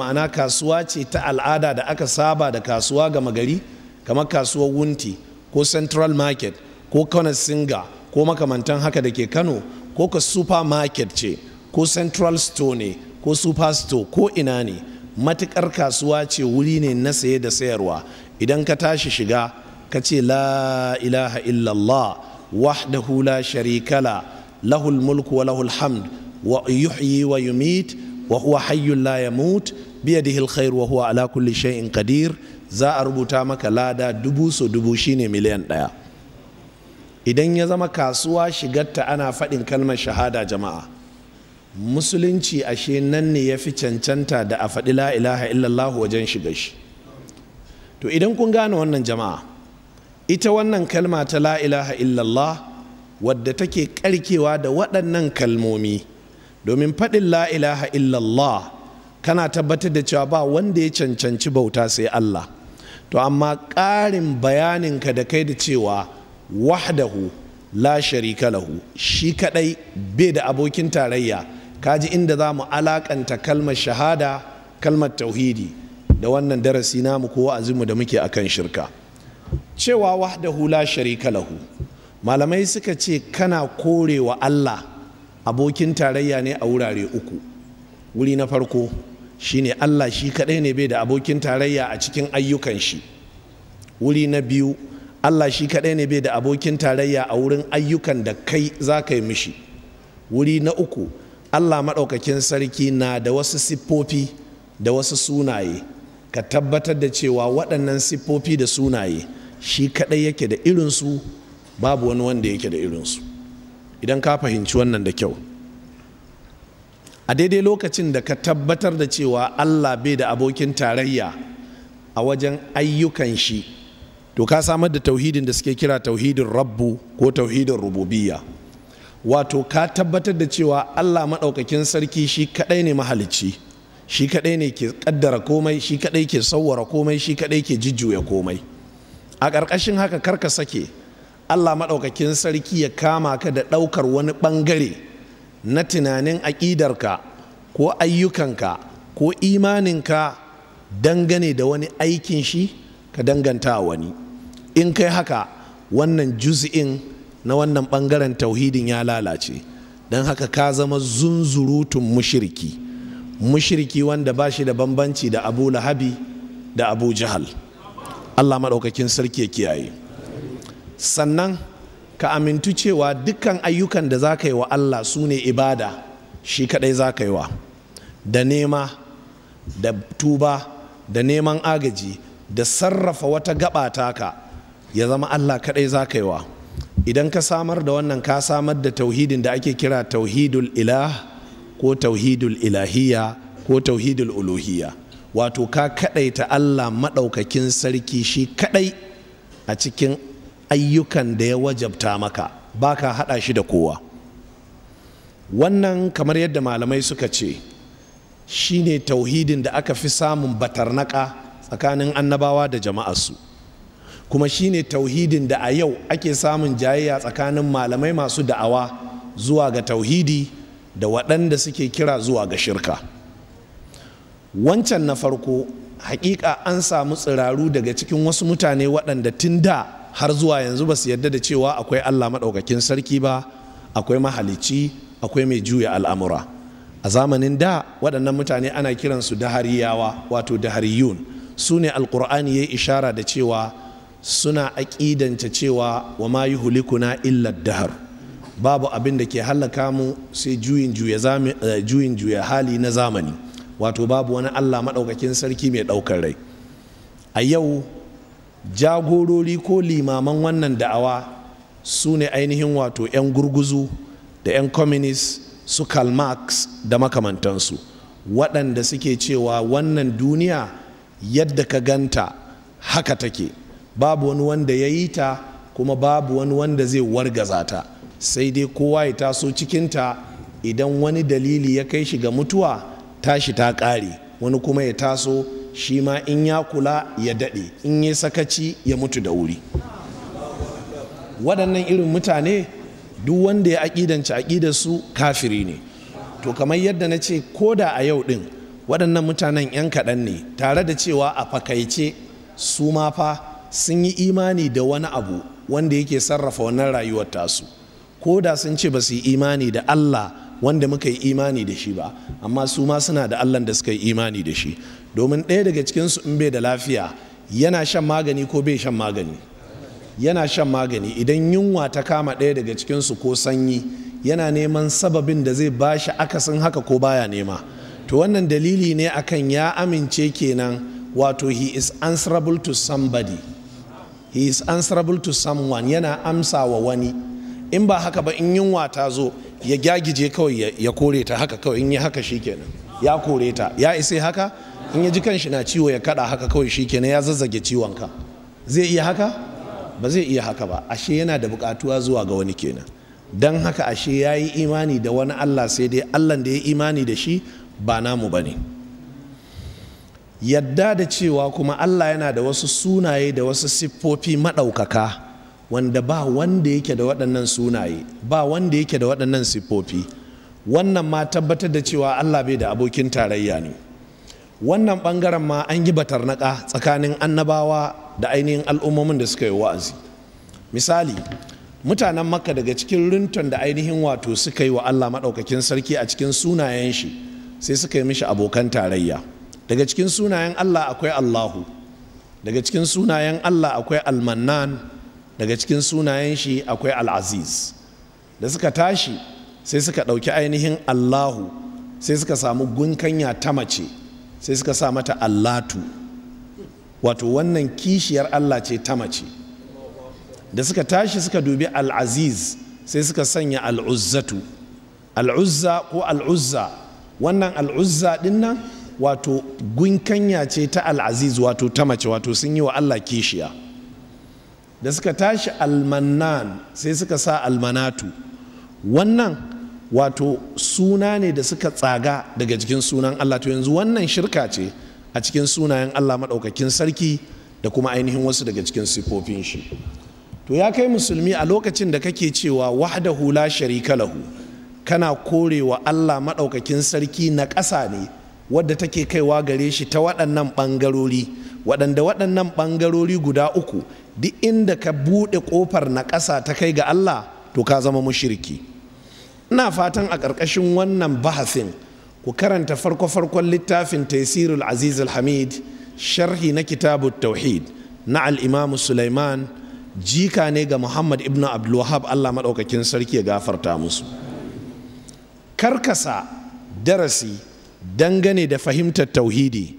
ma'ana kasuwa ce ta al'ada da aka saba da kasuwa gama gari kamar kasuwar wunti ko central market ko kano singa ko makamantan haka da ke kano ko ka supermarket ce ko central store ne ko super store ko ina ne matukar kasuwa ce wuri ne na saye da sayarwa idan ka tashi shiga ka ce la ilaha illallah wahdahu la sharikala lahul mulku wa lahul hamd ويحيي ويميت وهو حي لا يموت بيده الخير وهو على كل شيء قدير za a rubuta maka lada dubu so dubu shine miliyan ɗaya idan ya zama kasuwa shigarta ana faɗin kalmar shahada jama'a musulunci ashe nan ne ya fi cancanta da a faɗi la ilaha illallah wajen shiga shi to idan kun gane wannan jama'a ita wannan kalma ta la ilaha illallah wadda take karkewa da waɗannan kalmomi domin faɗin la ilaha illallah kana tabbatar da cewa ba wanda ya cancanci bauta sai Allah to amma ƙarin bayaninka da kai da cewa wahdahu la sharika lahu shi kadai bai da abokin tarayya kaji inda za mu alakanta kalmar shahada kalmar tauhidi da wannan darasi namu ko wa'azinmu da muke akan shirka cewa wahdahu la sharika lahu malamai suka ce kana korewa Allah abokin tarayya ne a wurare uku wuri na farko shine Allah shi kaɗai ne bai da abokin tarayya a cikin ayyukan shi wuri na biyu Allah shi kaɗai ne bai da abokin tarayya a wurin ayyukan da kai za ka yi mishi wuri na uku Allah maɗaukakin sarki na da wasu siffofi da wasu sunaye ka tabbatar da cewa waɗannan siffofi da sunaye shi kaɗai yake da irinsu babu wani wanda yake da irinsu idan ka fahimci wannan da kyau a daidai lokacin da ka tabbatar da cewa allah bai da abokin tarayya a wajen ayyukan shi to ka samar da tauhidin da suke kira tauhidin rabbu ko tauhidin rububiyya wato ka tabbatar da cewa allah maɗaukakin sarki shi kaɗai ne mahalicci shi kaɗai ne ke ƙaddara komai shi kaɗai ke sauwara komai shi kaɗai ke jijjuya komai a ƙarƙashin haka karka sake Allah maɗaukakin sarki ya kama ka da ɗaukar wani ɓangare na tunanin aƙidarka ko ayyukanka ko imaninka dangane da wani aikin shi ka danganta wani in kai haka wannan juzi'in na wannan ɓangaren tauhidin ya lalace don haka ka zama zunzurutun mushiriki mushiriki wanda ba shi da bambanci da abu lahabi da abu jahal Allah maɗaukakin sarki ya kiyaye. sannan ka amintu cewa dukkan ayyukan da za ka yi wa Allah su ne ibada shi kadai za ka yi wa da nema da tuba da neman agaji da sarrafa wata gaba taka ya zama Allah kaɗai za ka yi wa idan ka samar da wannan ka samar da tauhidin da ake kira tauhidul ilah ko tauhidul ilahiyya ko tauhidul uluhiyya wato ka kadaita Allah maɗaukakin sarki shi kaɗai a cikin ayyukan da ya wajabta maka ba ka haɗa shi da kowa wannan kamar yadda malamai suka ce shi ne tauhidin da aka fi samun batarnaka tsakanin annabawa da jama'arsu kuma shi ne tauhidin da a yau ake samun jayayya tsakanin malamai masu da'awa zuwa ga tauhidi da waɗanda suke kira zuwa ga shirka wancan na farko hakika an samu tsiraru daga cikin wasu mutane waɗanda tun da har zuwa yanzu ba su yarda da cewa akwai allah maɗaukakin sarki ba akwai mahalicci akwai mai juya al'amura a zamanin da waɗannan mutane ana kiransu dahariyawa wato dahariyun su ne alkur'ani ya ishara da cewa suna aƙidanta cewa wa ma yi hulikuna illa dahar babu abin da ke hallaka mu sai eh, juyin juya hali na zamani wato babu wani allah maɗaukakin sarki mai ɗaukar rai a yau jagorori ko limaman wannan da'awa su ne ainihin wato 'yan gurguzu da 'yan communist su karl marx da makamantansu waɗanda suke cewa wannan duniya yadda ka ganta haka take babu wani wanda ya yi ta kuma babu wani wanda zai wargaza ta sai dai kowa ya taso cikinta idan wani dalili ya kai shi ga mutuwa tashi ta ƙare wani kuma ya taso shi ma in ya kula ya daɗe in ya sakaci ya mutu da wuri waɗannan irin mutane duk wanda ya aƙidar aƙidarsu kafiri ne to kamar yadda na ce ko da a yau ɗin waɗannan mutanen 'yan kaɗan ne tare da cewa a fakaice su ma fa sun yi imani da wani abu wanda yake sarrafa wannan rayuwar tasu ko da sun ce ba su yi imani da Allah wanda muka yi imani da shi ba amma su ma suna da Allah da suka yi imani da shi domin ɗaya daga cikinsu in bai da lafiya yana shan magani ko bai shan magani yana shan magani idan yunwa ta kama ɗaya daga cikinsu ko sanyi yana neman sababin da zai ba shi akasin haka ko baya nema to wannan dalili ne akan ya amince kenan wato he is answerable to somebody he is answerable to someone yana amsa wa wani in ba haka ba in yunwa ta zo ya gyagije kawai ya kore ta haka kawai in yi haka shikenan ya kore ta ya isa haka in ya ji kanshi na ciwo ya kada haka kawai shi kenan ya zazzage ciwon ka zai iya haka ba zai iya haka ba ashe yana da bukatuwa zuwa ga wani kenan dan haka ashe ya yi imani da wani allah sai dai allah da ya yi imani da shi ba namu ba ne yadda da cewa kuma allah yana da wasu sunaye da wasu siffofi maɗaukaka wanda ba wanda yake da waɗannan sunaye ba wanda yake da waɗannan siffofi wannan ma tabbatar da cewa allah bai da abokin tarayya ne wannan bangaren ma an yi batarnaka tsakanin annabawa da ainihin al'ummomin da suka yi wa'azi misali mutanen makka daga cikin rinton da ainihin wato suka yi wa allah maɗaukakin sarki a cikin sunayen shi sai suka yi mishi abokan tarayya daga cikin sunayen allah akwai allahu daga cikin sunayen allah akwai almannan daga cikin sunayen shi akwai al'aziz da suka tashi sai suka ɗauki ainihin allahu sai suka samu gunkanya ta mace sai suka sa mata allatu wato wannan kishiyar allah ce ta mace da suka tashi suka dubi al'aziz sai suka sanya al'uzzatu al'uzza ko al'uzza wannan al'uzza din wato gunkanya ce ta al'aziz wato ta mace wato sun yi wa allah kishiya da suka tashi almanan sai suka sa almanatu wannan wato suna ne da suka tsaga daga cikin sunan Allah to yanzu wannan shirka ce a cikin sunayen Allah maɗaukakin sarki da kuma ainihin wasu daga cikin sifofin shi to ya kai musulmi a lokacin da kake cewa wahdahu la sharika lahu kana korewa Allah maɗaukakin sarki na ƙasa ne wadda take kaiwa gare shi ta waɗannan ɓangarori waɗanda waɗannan ɓangarori guda uku duk inda ka buɗe ƙofar na ƙasa ta kai ga Allah to ka zama mushirki. ina fatan a ƙarƙashin wannan bahasin ku karanta farko-farkon littafin taisirul aziz hamid sharhi na kitabu tauhid na al'imamu sulaiman jika ne ga muhammad ibn abdulwahab allah maɗaukakin sarki ya gafarta musu karkasa darasi dangane da fahimtar tauhidi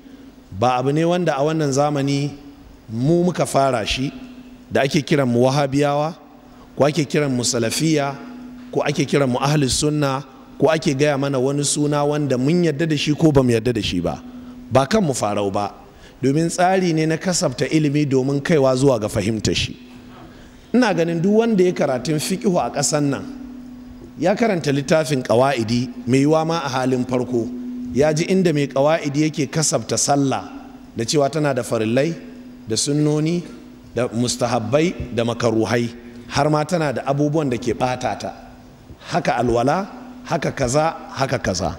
ba abu ne wanda a wannan zamani mu muka fara shi da ake kiran mu wahabiyawa ko ake kiran mu salafiya ko ake kiran mu ahlus sunna ko ake gaya mana wani suna wanda mun yadda da shi ko ba mu yadda da shi ba ba kan mu farau ba domin tsari ne na kasafta ilimi domin kaiwa zuwa ga fahimta shi ina ganin duk wanda ya karatun fiqihu a ƙasan nan ya karanta littafin ƙawa'idi mai yiwa ma a halin farko ya ji inda mai ƙawa'idi yake kasafta sallah da cewa tana da farillai da sunnoni da mustahabbai da makaruhai har ma tana da abubuwan da ke ɓata ta haka alwala haka kaza haka kaza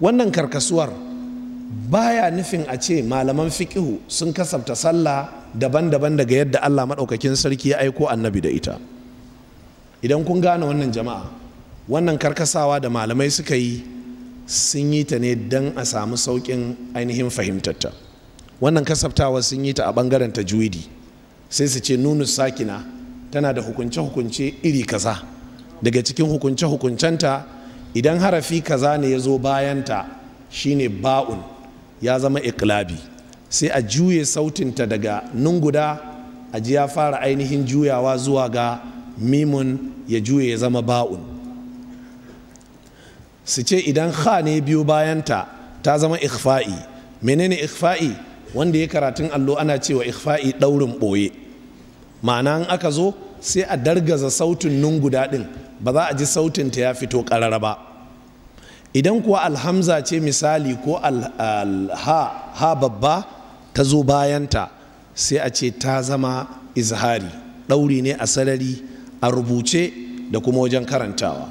wannan karkasuwar baya nufin a ce malaman fikihu sun kasafta sallah daban-daban daga yadda Allah maɗaukakin sarki ya aiko annabi da ita idan kun gane wannan jama'a wannan karkasawa da malamai suka yi sun yi ta ne don a samu saukin ainihin fahimtarta wannan kasaftawa sun yi ta a ɓangaren tajwidi sai su ce nunu sakina tana da hukunce-hukunce iri kaza daga cikin hukunce-hukuncenta idan harafi kaza ne ya zo bayanta shine ba'un ya zama iklabi sai a juye sautinta daga nun guda a ji ya fara ainihin juyawa zuwa ga mimun ya juye ya zama ba'un su ce idan ha ne biyu bayanta ta zama ikfa'i menene ikfa'i wanda ya karatun allo ana cewa ikfa'i ɗaurin ɓoye ma'ana aka zo sai a dargaza sautin nun guda ɗin ba za a ji sautin ta ya fito ƙarara ba idan kuwa alhamza ce misali ko alha babba ta zo bayanta sai a ce ta zama izhari ɗauri ne a sarari a rubuce da kuma wajen karantawa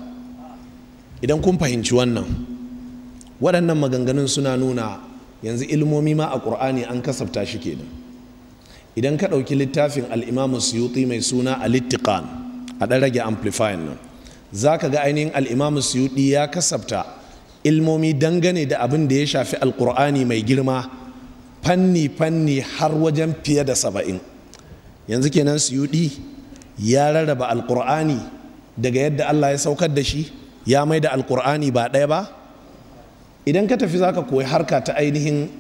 idan kun fahimci wannan waɗannan maganganun suna nuna yanzu ilmomi ma a ƙur'ani an kasafta shi kenan idan ka ɗauki littafin al'imamu suyuti mai suna a littikan a ɗan rage amplifier nan za ka ga ainihin al'imamu suyuɗi ya kasafta ilmomi dangane da abin da ya shafi alkur'ani mai girma fanni-fanni har wajen fiye da saba'in yanzu kenan suyuɗi ya rarraba alkur'ani daga yadda allah ya saukar da shi ya mai da alkur'ani ba ɗaya ba idan ka tafi zaka koyi harka ta ainihin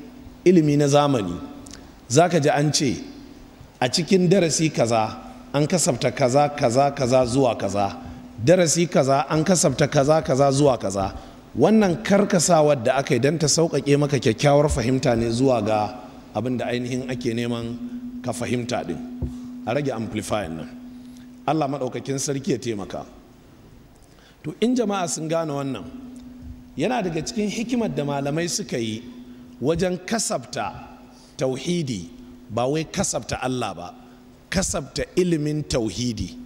ilimi na zamani zaka ji an ce a cikin darasi kaza an kasafta kaza kaza kaza zuwa kaza darasi kaza an kasafta kaza kaza zuwa kaza wannan karkasawar da aka yi don ta sauƙaƙe maka kyakkyawar fahimta ne zuwa ga abin da ainihin ake neman ka fahimta din a rage amplifier nan allah maɗaukakin sarki ya taimaka to in jama'a sun gane wannan yana daga cikin hikimar da malamai suka yi wajen kasafta tauhidi ba wai kasafta allah ba kasafta ilimin tauhidi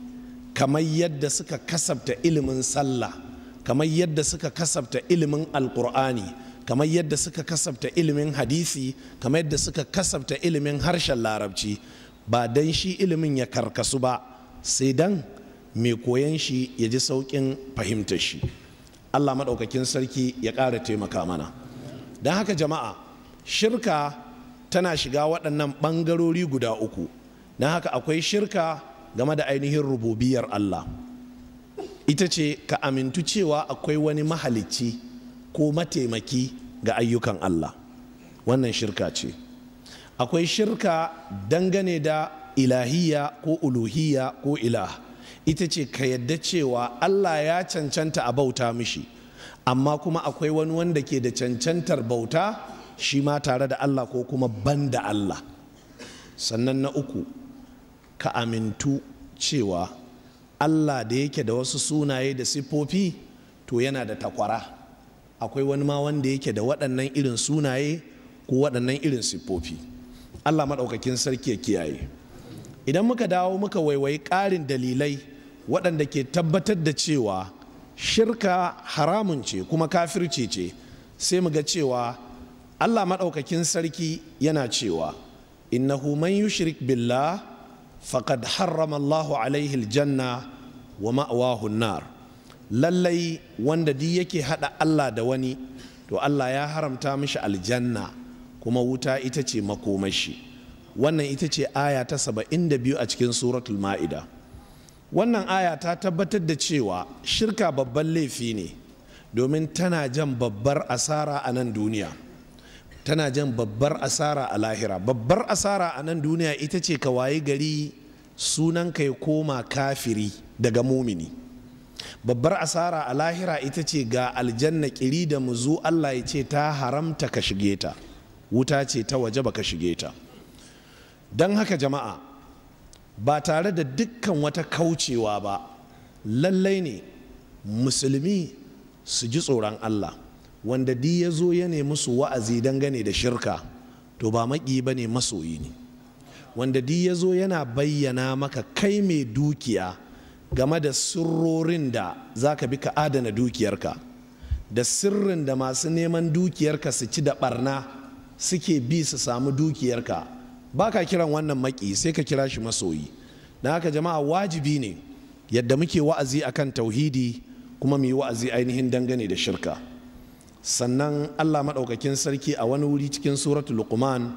kamar yadda suka kasabta ilimin sallah kamar yadda suka kasabta ilimin alkur'ani kamar yadda suka kasabta ilimin hadisi kamar yadda suka kasabta ilimin harshen larabci ba don shi ilimin ya karkasu ba sai dan mai koyan shi ya ji sauƙin fahimtar shi allah maɗaukakin sarki ya ƙara taimaka mana don haka jama'a shirka tana shiga waɗannan ɓangarori guda uku don haka akwai shirka game da ainihin rububiyar Allah ita ce ka amintu cewa akwai wani mahalicci ko mataimaki ga ayyukan Allah wannan shirka ce akwai shirka dangane da ilahiya ko uluhiya ko ilah ita ce ka yadda cewa Allah ya cancanta a bauta mishi amma kuma akwai wani wanda ke da cancantar bauta shi ma tare da Allah ko kuma ban da Allah sannan na uku ka amintu cewa Allah da yake da wasu sunaye da siffofi to yana da takwara akwai wani ma wanda yake da waɗannan irin sunaye ko waɗannan irin siffofi Allah maɗaukakin sarki ya kiyaye idan muka dawo muka waiwayi ƙarin dalilai waɗanda ke tabbatar da cewa shirka haramun ce kuma kafirce ce sai mu ga cewa Allah maɗaukakin sarki yana cewa innahu man yushrik billah Faƙad harrama Allahu alaihi aljanna wa ma'awahu nar lallai wanda duk yake haɗa Allah da wani to Allah ya haramta mishi aljanna kuma wuta ita ce makomashi wannan ita ce aya ta saba'in da biyu a cikin suratul ma'ida wannan aya ta tabbatar da cewa shirka babban laifi ne domin tana jan babbar asara a nan duniya tana jan babbar asara a lahira babbar asara a nan duniya ita ce ka wayi gari sunan ka ya koma kafiri daga mumini babbar asara a lahira ita ce ga aljanna kiri da muzu allah ya ce ta haramta ka shige ta wuta ce ta waje baka shige ta don haka jama'a ba tare da dukkan wata kaucewa ba lallai ne musulmi su ji tsoron allah wanda di ya zo ya nemi su wa'azi dangane da shirka to ba maƙi ba ne masoyi ne wanda di ya zo yana bayyana maka kai mai dukiya game da sirrorin da za ka bi ka adana dukiyarka da sirrin da masu neman dukiyarka su ci da barna suke bi su samu dukiyarka ba ka kiran wannan maƙi sai ka kira shi masoyi na haka jama'a wajibi ne yadda muke wa'azi akan tauhidi kuma mu yi wa'azi ainihin dangane da shirka sannan allah maɗaukakin sarki a wani wuri cikin suratu luqman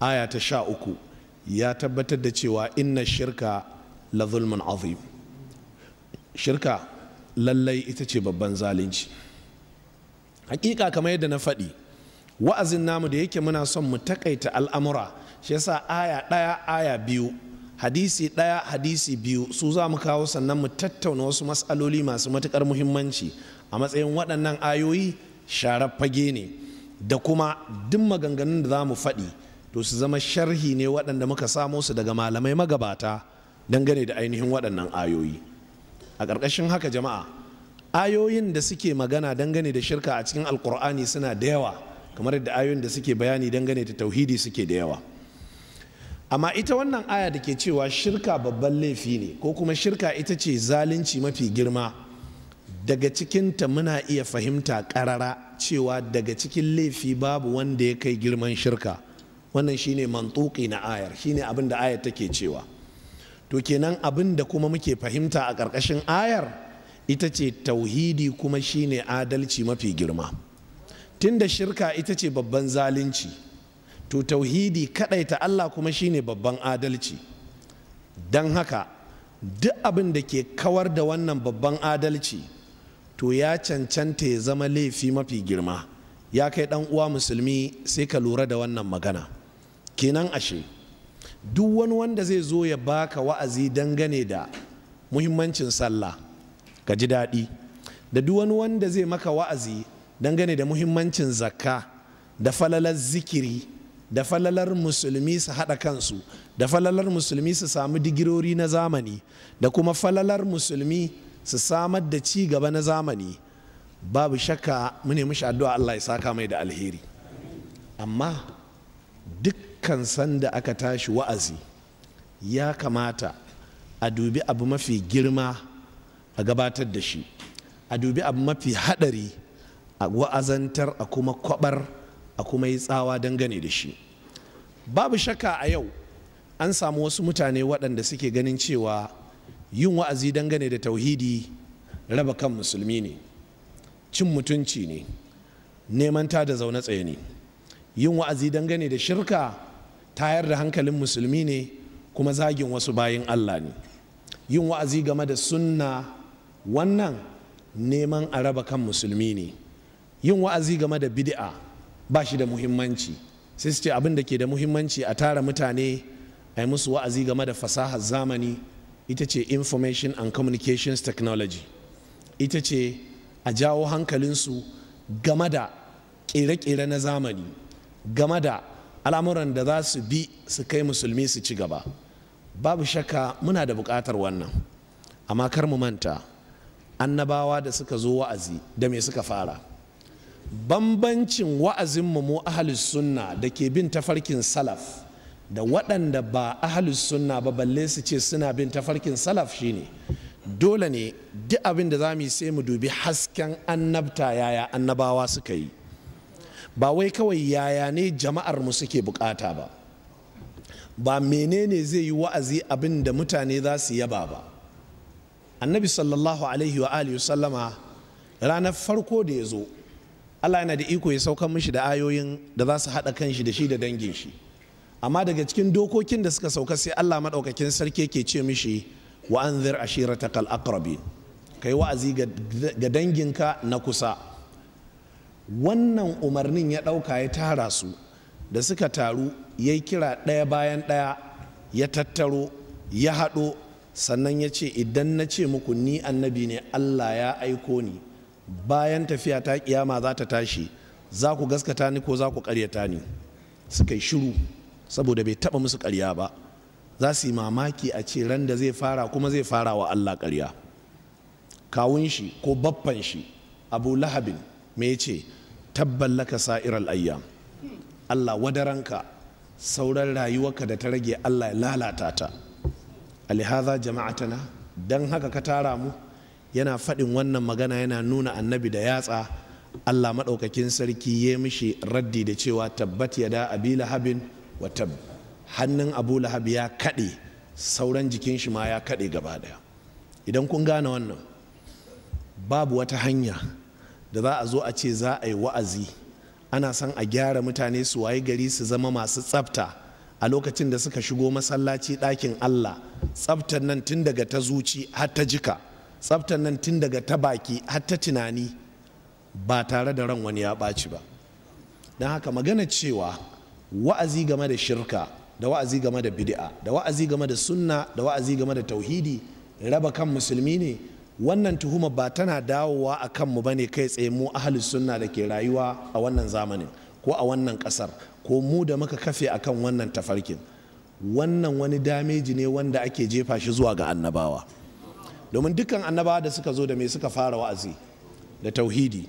aya ta sha uku ya tabbatar da cewa inna shirka la zulmun azim shirka lallai ita ce babban zalunci hakika kamar yadda na faɗi wa'azin namu da yake muna son mu takaita al'amura shi yasa aya ɗaya aya biyu hadisi ɗaya hadisi biyu su za mu kawo sannan mu tattauna wasu masaloli masu matuƙar muhimmanci a matsayin waɗannan ayoyi sharar fage ne da kuma duk maganganun da za mu faɗi to su zama sharhi ne waɗanda muka samo su daga malamai magabata dangane da ainihin waɗannan ayoyi a ƙarƙashin haka jama'a ayoyin da suke magana dangane da shirka a cikin Alƙur'ani suna da yawa kamar yadda ayoyin da suke bayani dangane da tauhidi suke da yawa amma ita wannan aya da ke cewa shirka babban laifi ne ko kuma shirka ita ce zalunci mafi girma daga cikinta muna iya fahimta karara cewa daga cikin laifi babu wanda ya kai girman shirka wannan shine mantuki na ayar shine abin da ayar take cewa to kenan abin da kuma muke fahimta a ƙarƙashin ayar ita ce tauhidi kuma shine adalci mafi girma tunda shirka ita ce babban zalunci to tauhidi kaɗaita Allah kuma shine babban adalci don haka duk abin da ke kawar da wannan babban adalci to ya cancanta ya zama laifi mafi girma ya kai dan uwa musulmi sai ka lura da wannan magana kenan ashe duk wani wanda zai zo ya baka wa'azi dangane da muhimmancin sallah ka ji daɗi da duk wani wanda zai maka wa'azi dangane da muhimmancin zakka da falalar zikiri da falalar musulmi su haɗa kansu da falalar musulmi su samu digirori na zamani da kuma falalar musulmi su samar da ci gaba na zamani babu shakka mune ne mishi addu'a Allah ya saka mai da alheri amma dukkan sanda aka tashi wa'azi ya kamata a dubi abu mafi girma a gabatar da shi a dubi abu mafi hadari a wa'azantar a kuma kwabar a kuma yi tsawa dangane da shi babu shakka a yau an samu wasu mutane waɗanda suke ganin cewa yin wa'azi dangane da tauhidi raba kan musulmi ne cin mutunci ne neman ta da zaune tsaye ne yin wa'azi dangane da shirka tayar da hankalin musulmi ne kuma zagin wasu bayan allah ne yin wa'azi game da sunna wannan neman a raba kan musulmi ne yin wa'azi game da bid'a ba shi da muhimmanci sai su ce abin da ke da muhimmanci a tara mutane a yi musu wa'azi game da fasahar zamani ita ce information and communications technology ita ce a jawo hankalinsu game da kere kere na zamani game da al'amuran da za su bi su kai musulmi su ci gaba babu shakka muna da bukatar wannan amma kar mu manta annabawa da suka zo wa'azi da me suka fara bambancin wa'azinmu mu ahalus sunna da ke bin tafarkin salaf da waɗanda ba ahalus sunna ba balle su ce suna bin tafarkin salaf shine dole ne duk abin da za mu yi sai mu dubi hasken annabta yaya annabawa suka yi ba wai kawai yaya ne jama'ar mu suke bukata ba ba menene zai yi wa'azi abin da mutane za su yaba ba annabi sallallahu alaihi wa alihi sallama ranar farko da ya zo allah yana da iko ya saukan mishi da ayoyin da za su haɗa kanshi da shi da dangin shi amma daga cikin dokokin da suka sauka sai Allah maɗaukakin sarki ke ce mishi wa ashira ta aqrabin kai wa'azi ga danginka na kusa wannan umarnin ya ɗauka ya tara su da suka taru ya kira ɗaya bayan ɗaya ya tattaro ya haɗo sannan ya ce idan na ce muku ni annabi ne Allah ya aiko ni bayan tafiya ta kiyama za ta tashi za ku gaskata ni ko za ku karyata ni suka yi shiru saboda bai taba musu karya ba za su yi mamaki a ce ran da zai fara kuma zai fara wa Allah karya. kawun shi ko baffan shi abu lahabin me ya ce tabban laka sa'iral ayyam Allah wadaranka sauran rayuwarka da ta rage Allah ya lalata ta alihaza jama'atana dan haka ka tara mu yana faɗin wannan magana yana nuna annabi da yatsa Allah maɗaukakin sarki ya mishi raddi da cewa tabbat ya da abi lahabin wata hannun abu lahab ya kaɗe sauran jikin shi ma ya kaɗe gaba ɗaya idan kun gane wannan babu wata hanya da za a zo a ce za a yi wa'azi ana son a gyara mutane su waye gari su zama masu tsafta a lokacin da suka shigo masallaci ɗakin allah tsaftar nan tun daga ta zuci har ta jika tsaftar nan tun daga ta baki har ta tunani ba tare da ran wani ya ɓaci ba don haka magana cewa wa'azi game da shirka da wa'azi game da bid'a da wa'azi game da sunna da wa'azi game da tauhidi raba kan musulmi ne wannan tuhuma ba tana dawowa a kanmu ba ne kai tsaye mu ahalus sunna da ke rayuwa a wannan zamanin ko a wannan kasar ko mu da muka kafe akan wannan tafarkin wannan wani dameji ne wanda ake jefa shi zuwa ga annabawa domin dukkan annabawa da suka zo da me suka fara wa'azi da tauhidi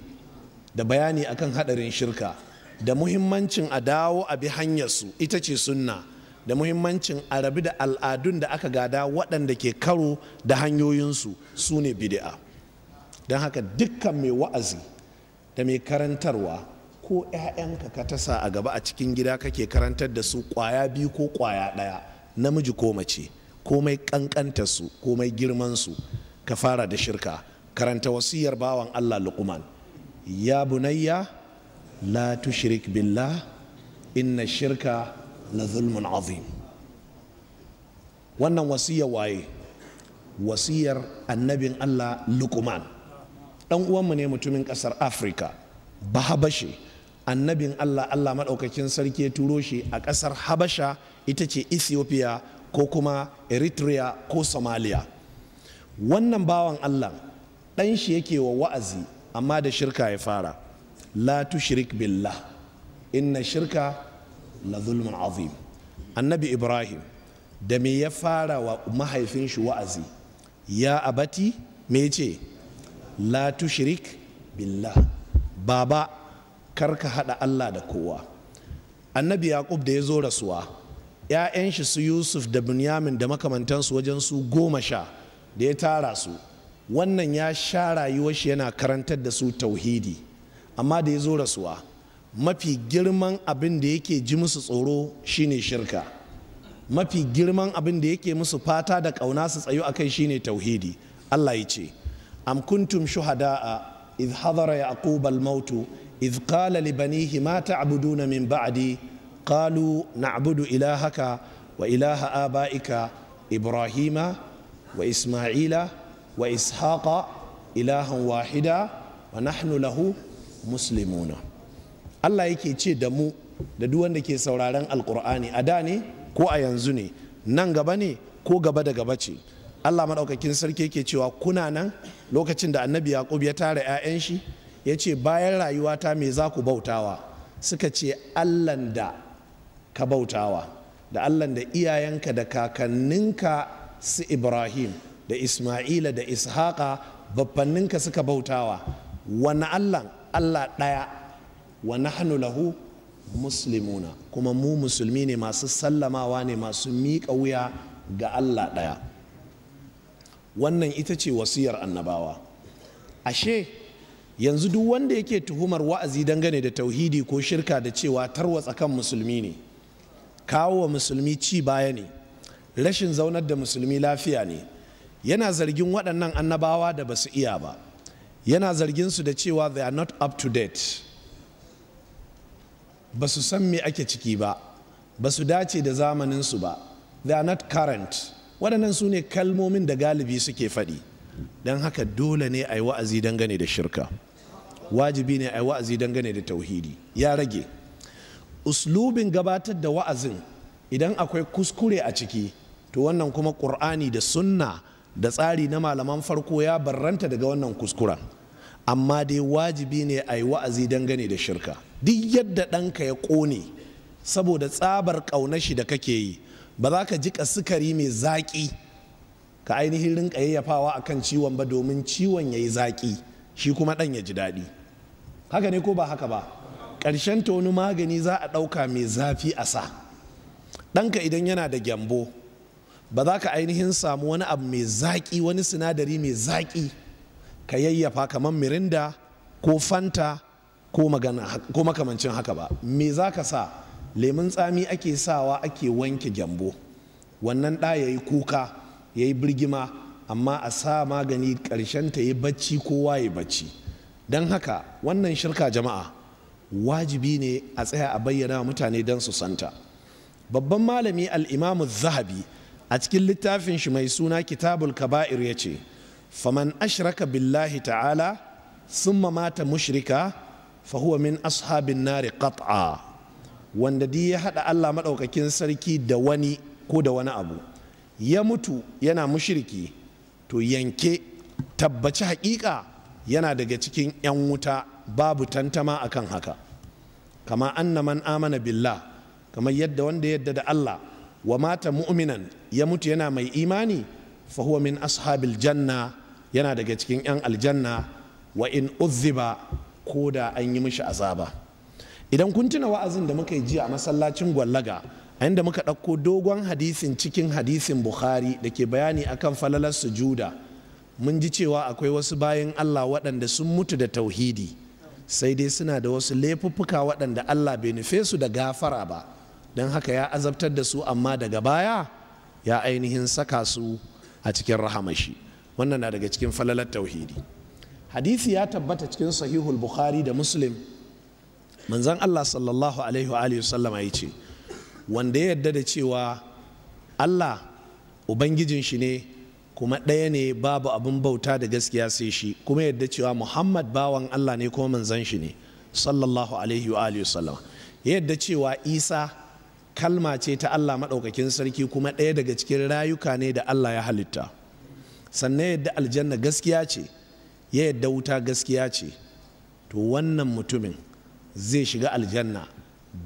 da bayani akan hadarin shirka da muhimmancin a dawo a bi hanyarsu ita ce sunna da muhimmancin a rabi da al'adun da aka gada waɗanda ke karo da hanyoyinsu su ne bidi'a don haka dukkan mai wa'azi da mai karantarwa ko 'ya'yanka ka tasa a gaba a cikin gida kake karantar da su kwaya biyu ko kwaya ɗaya namiji ko mace komai kankanta su komai girman su ka fara da shirka karanta wasiyar bawan allah luqman ya bunayya la shirik billah inna shirka na zulmun azim wannan wasiyar waye wasiyar annabin Allah lukuman ɗan uwanmu ne mutumin ƙasar Afrika habashe annabin Allah Allah maɗaukakin sarki ya turo shi a ƙasar Habasha ita ce Ethiopia ko kuma Eritrea ko Somalia wannan bawan Allah dan shi yake wa wa'azi amma da shirka ya fara la shirik billah inna shirka la zulmun azim annabi ibrahim da me ya fara wa mahaifin shi wa'azi ya abati me ce la shirik billah baba karka hada allah da kowa annabi yaqub da ya zo rasuwa 'ya'yan shi su yusuf da bunyamin da makamantansu wajen su goma sha da ya tara su wannan ya sha rayuwar shi yana karantar da su tauhidi amma da ya zo rasuwa mafi girman abin da yake ji musu tsoro shine shirka mafi girman abin da yake musu fata da ƙauna su tsayu akai shine tauhidi Allah ya ce am kuntum shuhada'a idh hadara yaqub al-maut idh qala li banihi ma ta'buduna min ba'di na abudu ilahaka wa ilaha aba'ika ibrahima wa isma'ila wa ishaqa ilahan wahida wa nahnu lahu muslimuna Allah yake ce da mu da duk wanda ke sauraron alkur'ani a da ne ko a yanzu ne nan gaba ne ko gaba da gaba ce Allah maɗaukakin sarki yake cewa kuna nan lokacin da annabi yaqub ya tara 'ya'yan shi ya ce bayan rayuwata me za ku bautawa suka ce allan da ka bautawa da allan da iyayenka da kakanninka su ibrahim da isma'ila da ishaqa baffanninka suka bautawa wani allan Allah ɗaya wa nahnu lahu muslimuna kuma mu musulmi ne masu sallamawa ne masu miƙa wuya ga Allah ɗaya wannan ita ce wasiyar annabawa ashe yanzu duk wanda yake tuhumar wa'azi dangane da tauhidi ko shirka da cewa tarwatsa kan musulmi ne kawo wa musulmi ci baya ne rashin zaunar da musulmi lafiya ne yana zargin waɗannan annabawa da ba su iya ba yana zargin su da cewa they are not up to date ba su san me ake ciki ba ba su dace da zamanin su ba they are not current waɗannan su ne kalmomin da galibi suke faɗi don haka dole ne a yi wa'azi dangane da shirka wajibi ne a yi wa'azi dangane da tauhidi ya rage uslubin gabatar da wa'azin idan akwai kuskure a ciki to wannan kuma ƙur'ani da sunna da tsari na malaman farko ya barranta daga wannan kuskuren amma dai wajibi ne a yi wa'azi dangane da shirka duk yadda ɗanka ya ƙone saboda tsabar shi da kake yi ba za ka jika sukari mai zaƙi ka ainihin rinka yayyafawa a kan ciwon ba domin ciwon ya yi zaƙi shi kuma ɗan ya ji daɗi haka ne ko ba haka ba ƙarshen ta wani magani za a ɗauka mai zafi a sa ɗanka idan yana da gyambo ba za ka ainihin samu wani abu mai zaƙi wani sinadari mai zaƙi ka yayyafa kamar mirinda ko fanta ko makamancin haka ba me za ka sa lemun tsami ake sawa ake wanke gyambo wannan ɗa ya yi kuka ya yi birgima amma a sa magani ƙarshen ta yi bacci kowa ya bacci don haka wannan shirka jama'a wajibi ne a tsaya a bayyana mutane don su santa babban malami al'imamu zahabi a cikin littafin shi mai suna kitabul kaba'ir ya ce faman ashraka billahi ta'ala sun mata mushrika fa huwa min ashabin nari qat'a wanda di ya hada Allah maɗaukakin sarki da wani ko da wani abu ya mutu yana mushriki to yanke tabbaci haƙiƙa yana daga cikin 'yan wuta babu tantama akan haka kama annaman amana billah kamar yadda wanda yadda da Allah wa mata mu'minan ya mutu yana mai imani fa min ashabil janna yana daga cikin 'yan aljanna wa in uzziba ko da an yi mishi azaba idan kun tuna wa'azin da muka yi jiya a masallacin gwallaga a inda muka ɗauko dogon hadisin cikin hadisin bukhari da ke bayani akan falalar sujuda mun ji cewa akwai wasu bayan allah waɗanda sun mutu da tauhidi sai dai suna da wasu laifuffuka waɗanda allah bai nufe su da gafara ba don haka ya azabtar da su amma daga baya ya ainihin saka su a cikin rahamashi wannan na daga cikin falalar tauhidi hadisi ya tabbata cikin sahihul bukhari da muslim manzan allah sallallahu alaihi wa sallama ya ce wanda ya yadda da cewa allah ubangijin shi ne kuma ɗaya ne babu abin bauta da gaskiya sai shi kuma yadda cewa muhammad bawan allah ne kuma manzan shi ne sallallahu alaihi wa sallama ya yadda cewa isa kalma ce ta Allah maɗaukakin sarki kuma ɗaya daga cikin rayuka ne da Allah ya halitta sannan yadda aljanna gaskiya ce ya yadda wuta gaskiya ce to wannan mutumin zai shiga aljanna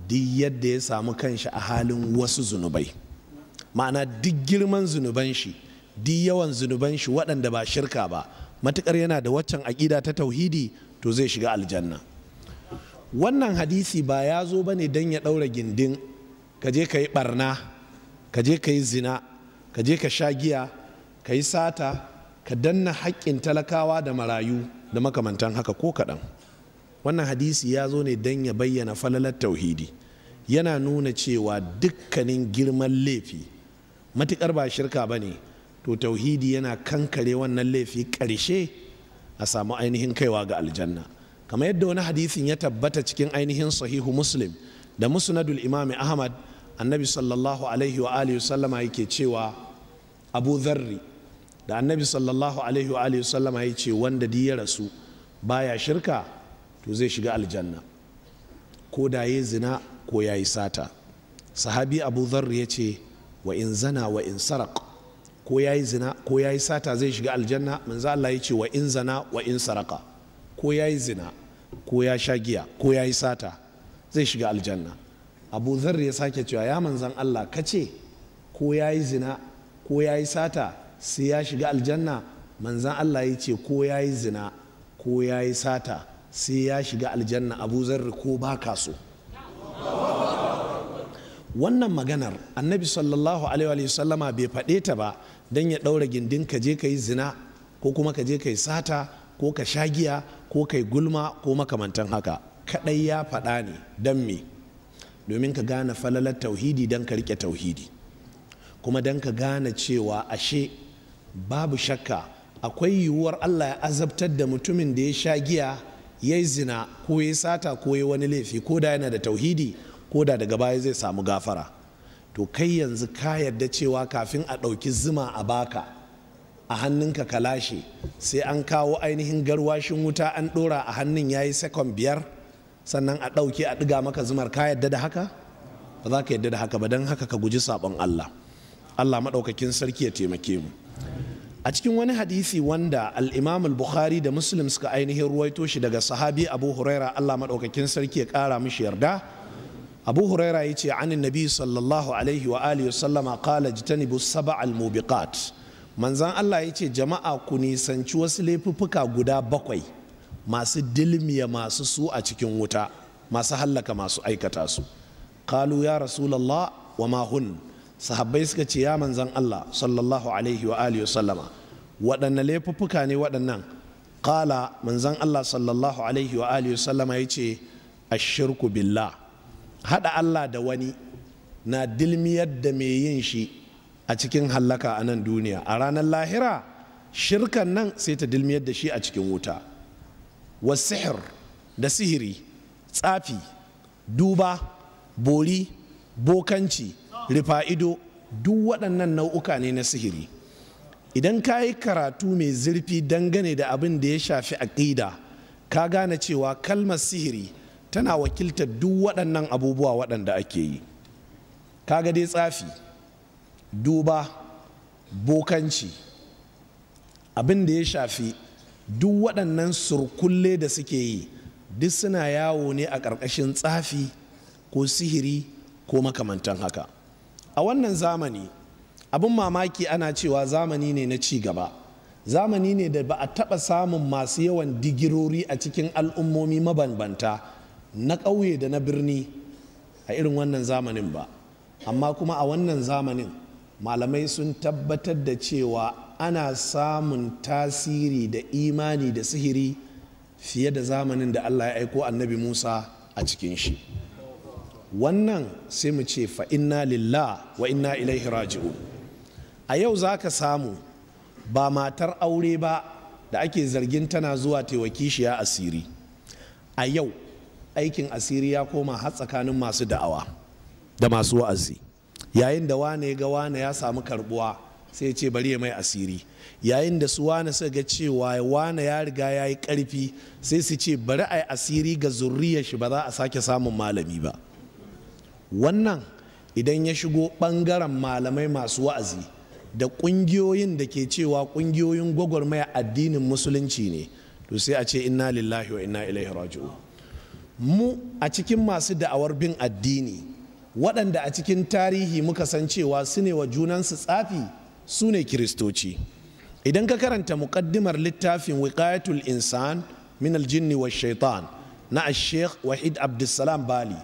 duk yadda ya samu kanshi a halin wasu zunubai ma'ana duk girman zunuban shi duk yawan zunuban shi waɗanda ba shirka ba matukar yana da waccan aƙida ta tauhidi to zai shiga aljanna wannan hadisi ba ya zo ba ne don ya ɗaura gindin ka je ka yi barna ka je ka yi zina ka je ka sha giya ka yi sata ka danna haƙƙin talakawa da marayu da makamantan haka ko kaɗan wannan hadisi ya zo ne don ya bayyana falalar tauhidi yana nuna cewa dukkanin girman laifi matuƙar ba shirka ba ne to tauhidi yana kankare wannan laifi ƙarshe a samu ainihin kaiwa ga aljanna kamar yadda wani hadisin ya tabbata cikin ainihin sahihu muslim da musnadul imami ahmad annabi sallallahu alaihi wa alihi sallama yake cewa abu zarri da annabi sallallahu alaihi wa alihi sallama ya ce wanda ya rasu baya shirka to zai shiga aljanna ko da ya zina ko ya yi sata sahabi abu zarri ya ce wa in zana wa in sarak ko ya yi zina ko ya yi sata zai shiga aljanna manzo Allah ya ce wa in zana wa in saraka ko ya yi zina ko ya sha giya ko ya yi sata zai shiga aljanna abu zar ya sake cewa ya manzan allah ka ce ko ya yi zina ko ya yi sata sai ya shiga aljanna manzan allah ya ce ko ya yi zina ko ya yi sata sai ya shiga aljanna abu zar ko ba ka so wannan maganar annabi sallallahu alaihi wa sallama bai faɗe ta ba don ya ɗaura gindin ka je ka yi zina ko kuma ka je ka yi sata ko ka sha giya ko ka yi gulma ko makamantan haka Kaɗai ya faɗa ne don me domin ka gane falalar tauhidi don ka rike tauhidi kuma don ka gane cewa ashe babu shakka akwai yiwuwar allah ya azabtar da mutumin da ya sha giya ya zina ko ya sata ko ya wani laifi ko da yana da tauhidi ko da daga baya zai samu gafara to kai yanzu ka yarda cewa kafin a ɗauki zuma a baka a hannunka ka lashe sai an kawo ainihin garwashin wuta an ɗora a hannun ya yi sakon biyar sannan a ɗauke a ɗiga maka zumar ka yadda da haka ba za ka yadda da haka ba don haka ka guji saɓon Allah Allah maɗaukakin sarki ya taimake mu a cikin wani hadisi wanda al-imam bukhari da muslim suka ainihin ruwaito shi daga sahabi abu huraira Allah maɗaukakin sarki ya ƙara mishi yarda abu huraira ya ce anin nabi sallallahu alaihi wa alihi sallama qala jitanibu saba al-mubiqat manzan Allah ya ce jama'a ku nisanci wasu laifuffuka guda bakwai masu dilmiya masu su a cikin wuta masu hallaka masu aikata su kalu ya rasulallah wa mahun sahabbai suka ce ya manzan Allah sallallahu alaihi wa alihi sallama waɗanne laifuffuka ne waɗannan kala manzan Allah sallallahu alaihi wa alihi sallama ya ce ashirku billah haɗa Allah da wani na dilmiyar da mai yin shi a cikin halaka a nan duniya a ranar lahira shirkan nan sai ta dilmiyar da shi a cikin wuta wasihir da sihiri tsafi duba boli, bokanci rifa'ido duk waɗannan nau'uka ne na sihiri idan ka yi karatu mai zurfi dangane da abin da ya shafi aƙida ka gane cewa kalmar sihiri tana wakiltar duk waɗannan abubuwa waɗanda ake yi kaga dai tsafi duba bokanci abin da ya shafi duk waɗannan surkulle da suke yi duk suna yawo ne a ƙarƙashin tsafi ko sihiri ko makamantan haka a wannan zamani abin mamaki ana cewa zamani ne na ci gaba zamani ne da ba a taɓa samun masu yawan digirori a cikin al'ummomi mabambanta na ƙauye da na birni a irin wannan zamanin ba amma kuma a wannan zamanin malamai sun tabbatar da cewa ana samun tasiri da imani da sihiri fiye da zamanin da Allah ya aiko annabi Musa a cikin shi wannan sai mu ce fa inna lillah wa inna ilaihi raji'u a yau za ka samu ba matar aure ba da ake zargin tana zuwa ya asiri a yau aikin asiri ya koma har tsakanin masu da'awa da masu wa'azi yayin da wane ga wane ya samu karbuwa sai ce bari ya mai asiri yayin da su wane suka ga cewa wane ya riga ya yi karfi sai su ce bari a yi asiri ga zurriya shi ba za a sake samun malami ba wannan idan ya shigo bangaren malamai masu wa'azi da kungiyoyin da ke cewa kungiyoyin gwagwarmaya addinin musulunci ne to sai a ce inna lillahi wa inna ilaihi raji'u mu a cikin masu da'awar bin addini waɗanda a cikin tarihi muka san cewa su ne wa junansu tsafi su ne kiristoci idan ka karanta muƙaddimar littafin wiqayatul insan min aljinni wa shaitan na sheikh wahid abdulsalam bali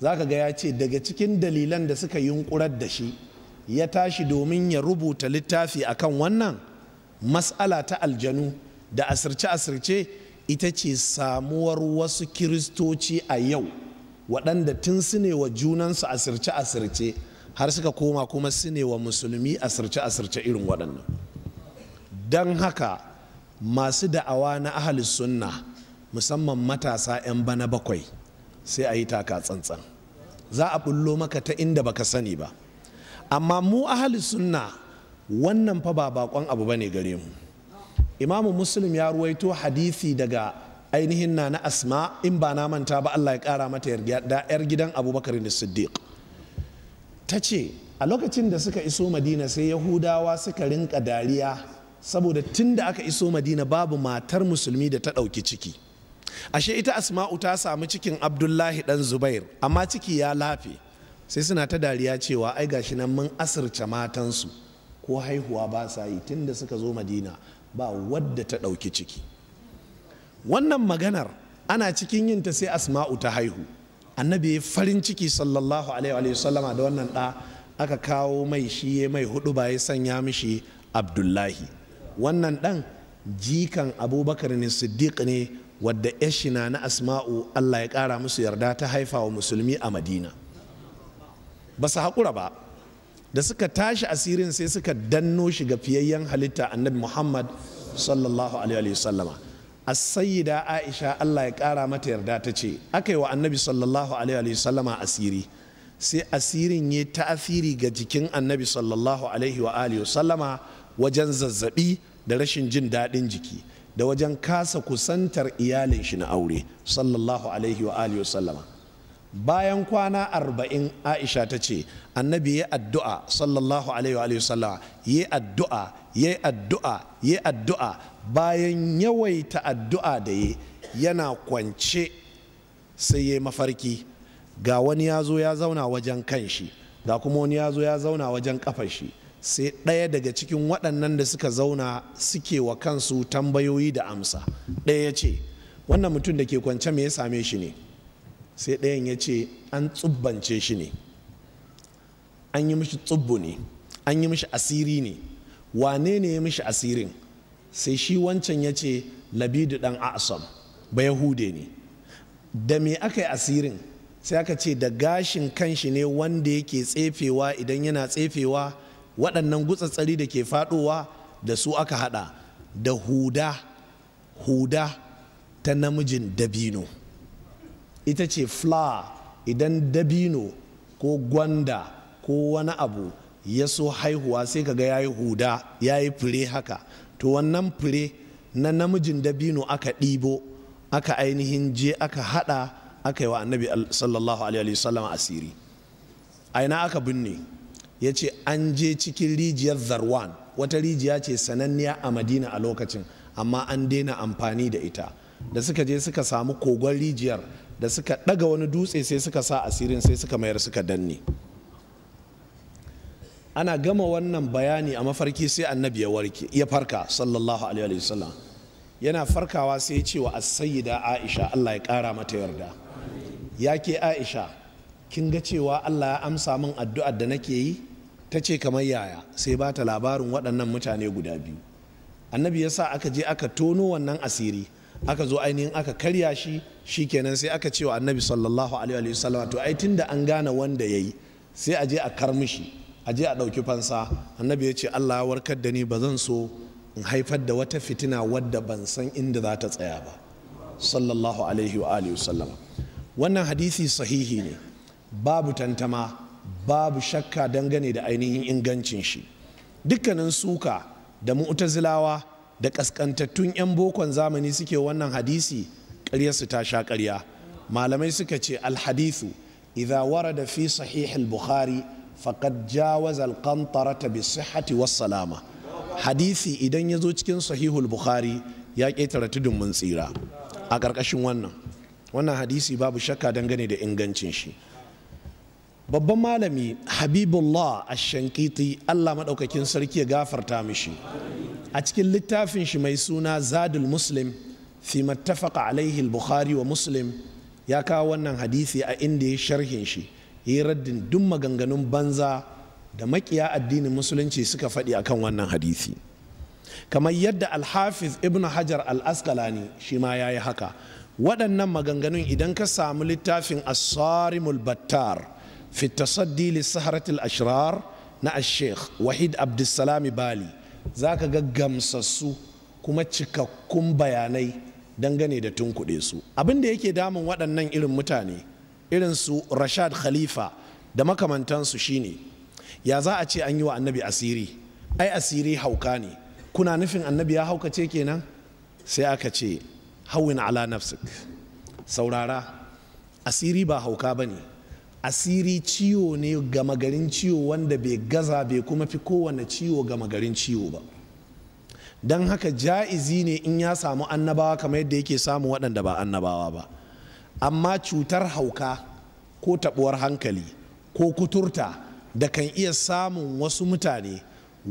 za ka ga ya ce daga cikin dalilan da suka yunkurar da shi ya tashi domin ya rubuta littafi akan wannan mas'ala ta aljanu da asirce-asirce ita ce samuwar wasu kiristoci a yau waɗanda tun su ne wa junansu asirce-asirce har suka koma kuma su ne wa musulmi asirce asirce irin waɗannan don haka masu da'awa na ahli sunna musamman matasa 'yan bana bakwai sai a yi taka tsantsan za a bullo maka ta inda baka sani ba amma mu ahli sunna wannan fa ba bakon abu ba ne gare mu imamu muslim ya ruwaito hadisi daga ainihin na na asma in ba na manta ba allah ya kara mata yar gidan abubakar siddiq ta ce a lokacin da suka iso madina sai yahudawa suka rinka dariya saboda tun da aka iso madina babu matar musulmi da ta ɗauki ciki ashe ita asma'u ta samu cikin abdullahi ɗan zubair amma ciki ya lafe sai suna ta dariya cewa ai gashi nan mun asirce matansu ko haihuwa ba sa yi tun da suka zo madina ba wadda ta ɗauki ciki wannan maganar ana cikin yinta sai asma'u ta haihu annabi ya farin ciki sallallahu alaihi wasallama da wannan ɗa aka kawo mai shi ya mai hudu ba ya sanya mishi abdullahi wannan ɗan jikan abubakar ne siddiq ne wadda yashina na asma'u allah ya ƙara musu yarda ta haifa wa musulmi a madina ba su haƙura ba da suka tashi asirin sai suka danno shi ga fiyayyen halitta annabi muhammad sallallahu alaihi wasallama as-sayyida aisha Allah ya kara mata yarda ta ce aka yi wa annabi sallallahu alaihi wa sallama asiri sai asirin ya ta'asiri ga jikin annabi sallallahu alaihi wa alihi sallama wajen zazzabi da rashin jin daɗin jiki da wajen kasa kusantar iyalin shi na aure sallallahu alaihi wa alihi sallama bayan kwana arba'in aisha ta ce annabi ya addu'a sallallahu alaihi wa sallama ya addu'a ya addu'a ya addu'a bayan yawaita addu'a da ya yana kwance sai ya mafarki ga wani ya zo ya zauna wajen kan shi, ga kuma wani ya zo ya zauna wajen kafar shi sai ɗaya daga cikin waɗannan da suka zauna suke wa kansu tambayoyi da amsa ɗaya ya ce wannan mutum da ke kwance me ya same shi ne sai ɗayan ya ce an tsubbance shi ne an yi mishi tsubbu ne an yi mishi asiri ne wane ne ya mishi asirin sai shi wancan ya ce labidu dan asam ba yahude ne da me aka yi asirin sai aka ce da gashin kanshi ne wanda yake tsefewa idan yana tsefewa waɗannan gutsatsari da ke faɗowa da su aka hada da huda huda ta namijin dabino ita ce fla idan dabino ko gwanda ko wani abu ya so haihuwa sai kaga ya yi huda ya yi fure haka to wannan fure na namijin dabino aka ɗibo aka ainihin je aka haɗa aka yi wa annabi sallallahu alaihi wasallam asiri aina aka binne ya ce an je cikin rijiyar zarwan wata rijiya ce sananniya a madina a lokacin amma an daina amfani da ita da suka je suka samu kogon rijiyar da suka ɗaga wani dutse sai suka sa asirin sai suka mayar suka danne ana gama wannan bayani a mafarki sai annabi ya warke ya farka sallallahu alaihi wasallam yana farkawa sai ya ce wa sayyida Aisha Allah ya kara mata yarda ya ke Aisha kin ga cewa Allah ya amsa min addu'ar da nake yi ta ce kamar yaya sai ba ta labarin waɗannan mutane guda biyu annabi ya sa aka je aka tono wannan asiri aka zo ainihin aka karya shi shi kenan sai aka ce wa annabi sallallahu alaihi wasallam to ai tunda an gane wanda yayi sai a je a kar mishi a je a ɗauki fansa annabi ya ce allah ya warkar da ni ba zan so in haifar da wata fitina wadda ban san inda za ta tsaya ba sallallahu alaihi wa alihi sallama wannan hadisi sahihi ne babu tantama babu shakka dangane da ainihin ingancin shi dukkanin suka da mu'tazilawa da kaskantattun 'yan bokon zamani suke wannan hadisi ƙaryarsu ta sha ƙarya malamai suka ce alhadithu idha warada fi sahih bukhari faqad jawaza al-qantarata bi sihhati was salama hadisi idan ya zo cikin sahihul bukhari ya ƙetare tudun mun tsira a ƙarƙashin wannan wannan hadisi babu shakka dangane da ingancin shi babban malami habibullah ash-shankiti allah maɗaukakin sarki ya gafarta mishi a cikin littafin shi mai suna zadul muslim fi mattafaka alaihi bukhari wa muslim ya kawo wannan hadisi a inda ya sharhin shi yi raddin duk maganganun banza da makiya addinin musulunci suka faɗi akan wannan hadisi kamar yadda alhafiz ibn hajar al-asqalani shi ma ya yi haka waɗannan maganganun idan ka samu littafin asarimul battar fi tasaddi lissaharatul ashrar na ashekh wahid abdulsalami bali za ka ga gamsassu kuma cikakkun bayanai dangane da tunkuɗe su abinda yake damun waɗannan irin mutane irin su rashad khalifa da makamantansu shine ya za a ce an yi wa annabi asiri ai asiri hauka ne kuna nufin annabi ya haukace kenan sai aka ce hawin ala nafsik saurara asiri ba hauka ba ne asiri ciwo ne gama garin ciwo wanda bai gaza bai kuma fi kowane ciwo gama garin ciwo ba don haka ja'izi ne in ya samu annabawa kamar yadda yake samu waɗanda ba annabawa ba amma cutar hauka ko taɓuwar hankali ko kuturta da kan iya samun wasu mutane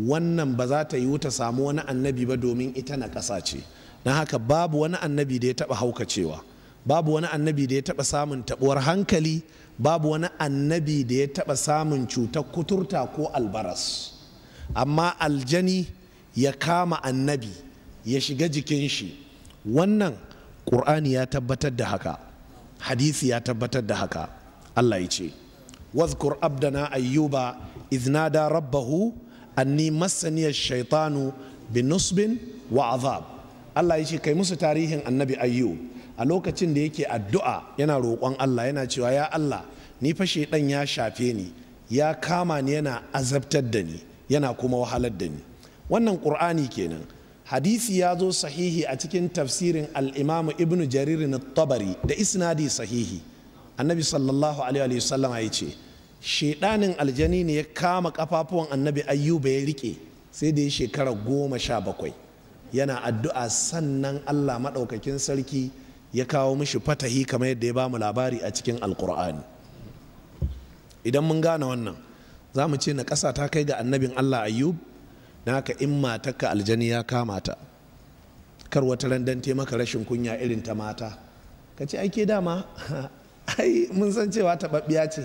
wannan ba za ta yiwu ta samu wani annabi ba domin ita na ƙasa ce na haka babu wani annabi da ya taɓa haukacewa babu wani annabi da ya taɓa samun taɓuwar hankali babu wani annabi da ya taɓa samun cutar kuturta ko albaras amma aljani ya kama annabi ya shiga jikin shi wannan ƙur'ani ya tabbatar da haka hadisi ya tabbatar da haka Allah ya ce wazkur abdana ayyuba iznada rabbahu anni masaniya shaitanu binusbin wa azab Allah ya ce kai musu tarihin annabi ayyub a lokacin da yake addu'a yana roƙon Allah yana cewa ya Allah ni fa shaidan ya shafe ni ya kama ni yana azabtar da ni yana kuma wahalar da ni wannan ƙur'ani kenan hadisi ya zo sahihi a cikin tafsirin al'imamu ibn jaririn tabari da isnadi sahihi annabi sallallahu alaihi wasallam ya ce shaidanin aljani ne ya kama kafafuwan annabi ayyuba ya rike sai da ya shekara goma sha bakwai yana addu'a sannan allah maɗaukakin sarki ya kawo mishi fatahi kamar yadda ya ba mu labari a cikin alkur'ani idan mun gane wannan za mu ce na ƙasa ta kai ga annabin allah ayyub na haka in matarka aljani ya kama ta kar wata randan maka rashin kunya irin ta mata ka ce aike dama ai mun san cewa taɓaɓɓiya ce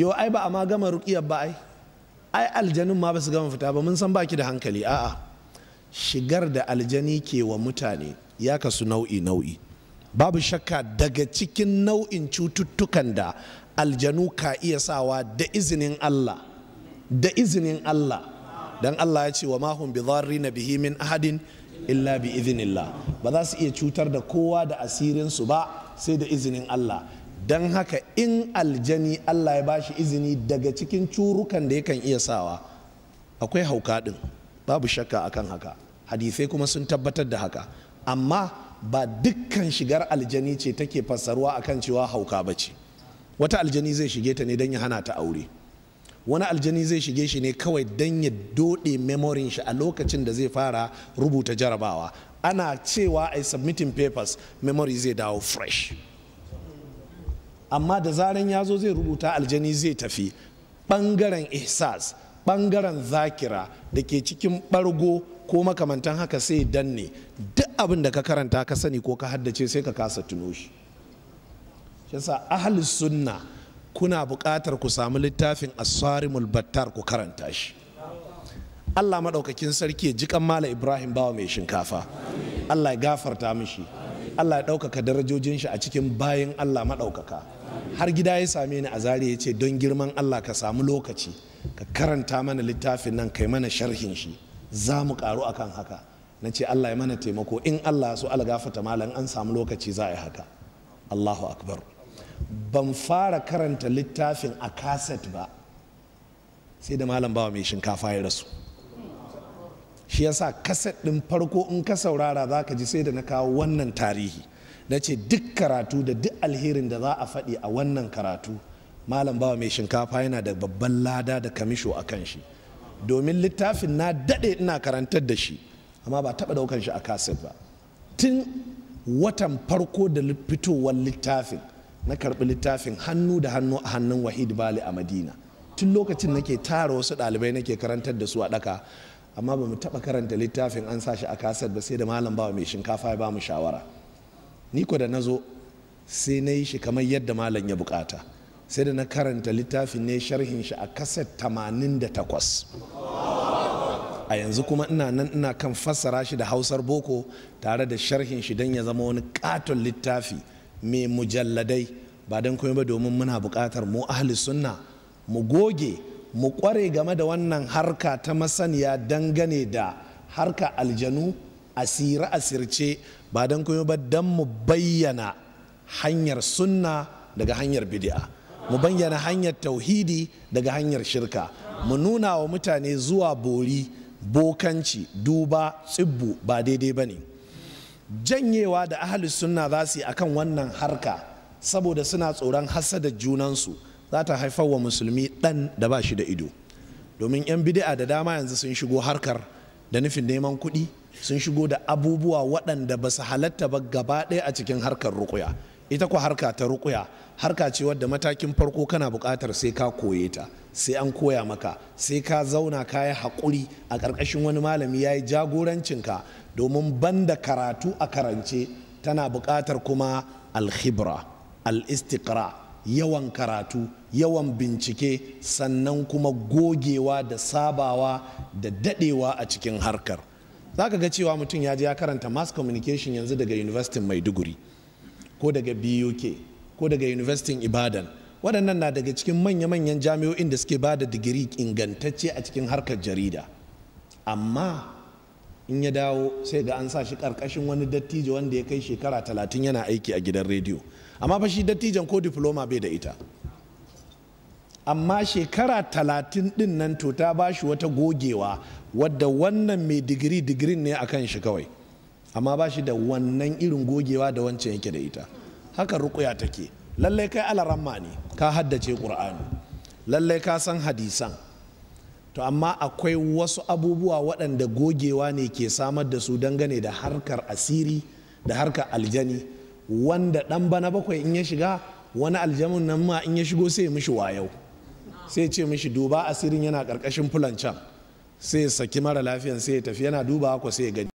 yau ai ba a ma gama ruƙiyar ba ai ai aljanin ma ba su gama fita ba mun san baki da hankali a'a shigar da aljani ke wa mutane ya kasu nau'i nau'i babu shakka daga cikin nau'in cututtukan da aljanu ka iya sawa da izinin Allah da izinin Allah dan Allah ya ce wa mahum bi na bihi min ahadin illa bi idhnillah ba za su iya cutar da kowa da asirin su ba sai da izinin Allah dan haka in aljani Allah ya bashi izini daga cikin curukan da yakan iya sawa akwai hauka din babu shakka akan haka hadisai kuma sun tabbatar da haka amma ba dukkan shigar aljani ce take fassaruwa akan cewa hauka ba ce wata aljani zai shige ta ne don ya hana ta aure wani aljani zai shige shi ne kawai don ya doɗe memorin shi a lokacin da zai fara rubuta jarabawa ana cewa a submitting papers memory zai dawo fresh amma da zaran ya zo zai rubuta aljani zai tafi ɓangaren ihsas ɓangaren zakira da ke cikin ɓargo ko makamantan haka sai danne duk abin da ka karanta ka sani ko ka haddace sai ka kasa tuno shi shi ahli sunna kuna buƙatar ku samu littafin asarimul battar ku karanta shi Allah maɗaukakin sarki ya jikan mala Ibrahim bawa mai shinkafa Allah ya gafarta mishi Allah ya ɗaukaka darajojin shi a cikin bayan Allah maɗaukaka har gida ya same ni a zari ya ce don girman Allah ka samu lokaci ka karanta mana littafin nan kai mana sharhin shi za mu ƙaru kan haka na ce Allah ya mana taimako in Allah su gafata malam an samu lokaci za a yi haka Allahu akbar ban fara karanta littafin a kaset ba sai da malam bawa mai shinkafa ya rasu shi yasa kaset ɗin farko in ka saurara za ka ji sai da na kawo wannan tarihi na ce duk karatu da duk alherin da za a faɗi a wannan karatu malam bawa mai shinkafa yana da babban lada da kamisho a kan shi domin littafin na daɗe ina karantar da shi amma ba taɓa daukan shi a kaset ba tun watan farko da fitowar littafin na karbi littafin hannu da hannu a hannun wahid bali a madina tun lokacin nake tara wasu ɗalibai nake karantar da su a ɗaka amma ba mu taɓa karanta littafin an sa shi a kasar ba sai da malam bawa mai shinkafa ya ba mu shawara ni ko da na zo sai na yi shi kamar yadda malam ya bukata sai da na karanta littafin ne sharhin shi a kasar 88 a yanzu kuma ina nan ina kan fassara shi da hausar boko tare da sharhin shi don ya zama wani katon littafi mai mujalladai ba don kuma ba domin muna buƙatar mu ahli sunna mu goge mu ƙware game da wannan harka ta masaniya dangane da harka aljanu asira asirce ba don kuma ba don mu bayyana hanyar sunna daga hanyar bid'a mu bayyana hanyar tauhidi daga hanyar shirka mu nuna wa mutane zuwa bori bokanci duba tsibbu ba daidai ba ne janyewa da ahalus sunna za su yi akan wannan harka saboda suna tsoron hasada junansu za ta haifar wa musulmi ɗan da ba shi da ido domin 'yan bid'a da dama yanzu sun shigo harkar da nufin neman kuɗi sun shigo da abubuwa waɗanda ba su halatta ba gaba ɗaya a cikin harkar rukuya ita ku harka ta rukuya harka ce wadda matakin farko kana buƙatar sai ka koye ta sai an koya maka sai ka zauna ka yi haƙuri a ƙarƙashin wani malami ya yi jagorancinka domin banda karatu a karance tana buƙatar kuma alkhibra al-istiqra yawan karatu yawan bincike sannan kuma gogewa da sabawa da dadewa a cikin harkar zaka ga cewa mutum ya je ya karanta mass communication yanzu daga university maiduguri ko daga buk ko daga university ibadan waɗannan na daga cikin manya-manyan jami'o'in da suke ba da digiri ingantacce a cikin harkar jarida amma in ya dawo sai ga an sa shi karkashin wani dattijo wanda ya kai shekara talatin yana aiki a gidan rediyo amma fa shi dattijan ko diploma bai da ita amma shekara talatin din nan to ta ba shi wata gogewa wadda wannan mai digiri digirin ne a kan shi kawai amma ba shi da wannan irin gogewa da wancan yake da ita haka rukuya take lallai kai alaramma ne ka haddace ƙur'ani lallai ka san hadisan to amma akwai wasu abubuwa waɗanda gogewa ne ke samar da su dangane da harkar asiri da harkar aljani wanda ɗan bana bakwai in ya shiga wani aljamin nan ma in ya shigo sai mishi wayau sai ce mishi duba asirin yana ƙarƙashin fulancan sai saki mara lafiyan sai ya tafi yana duba ko sai ya gani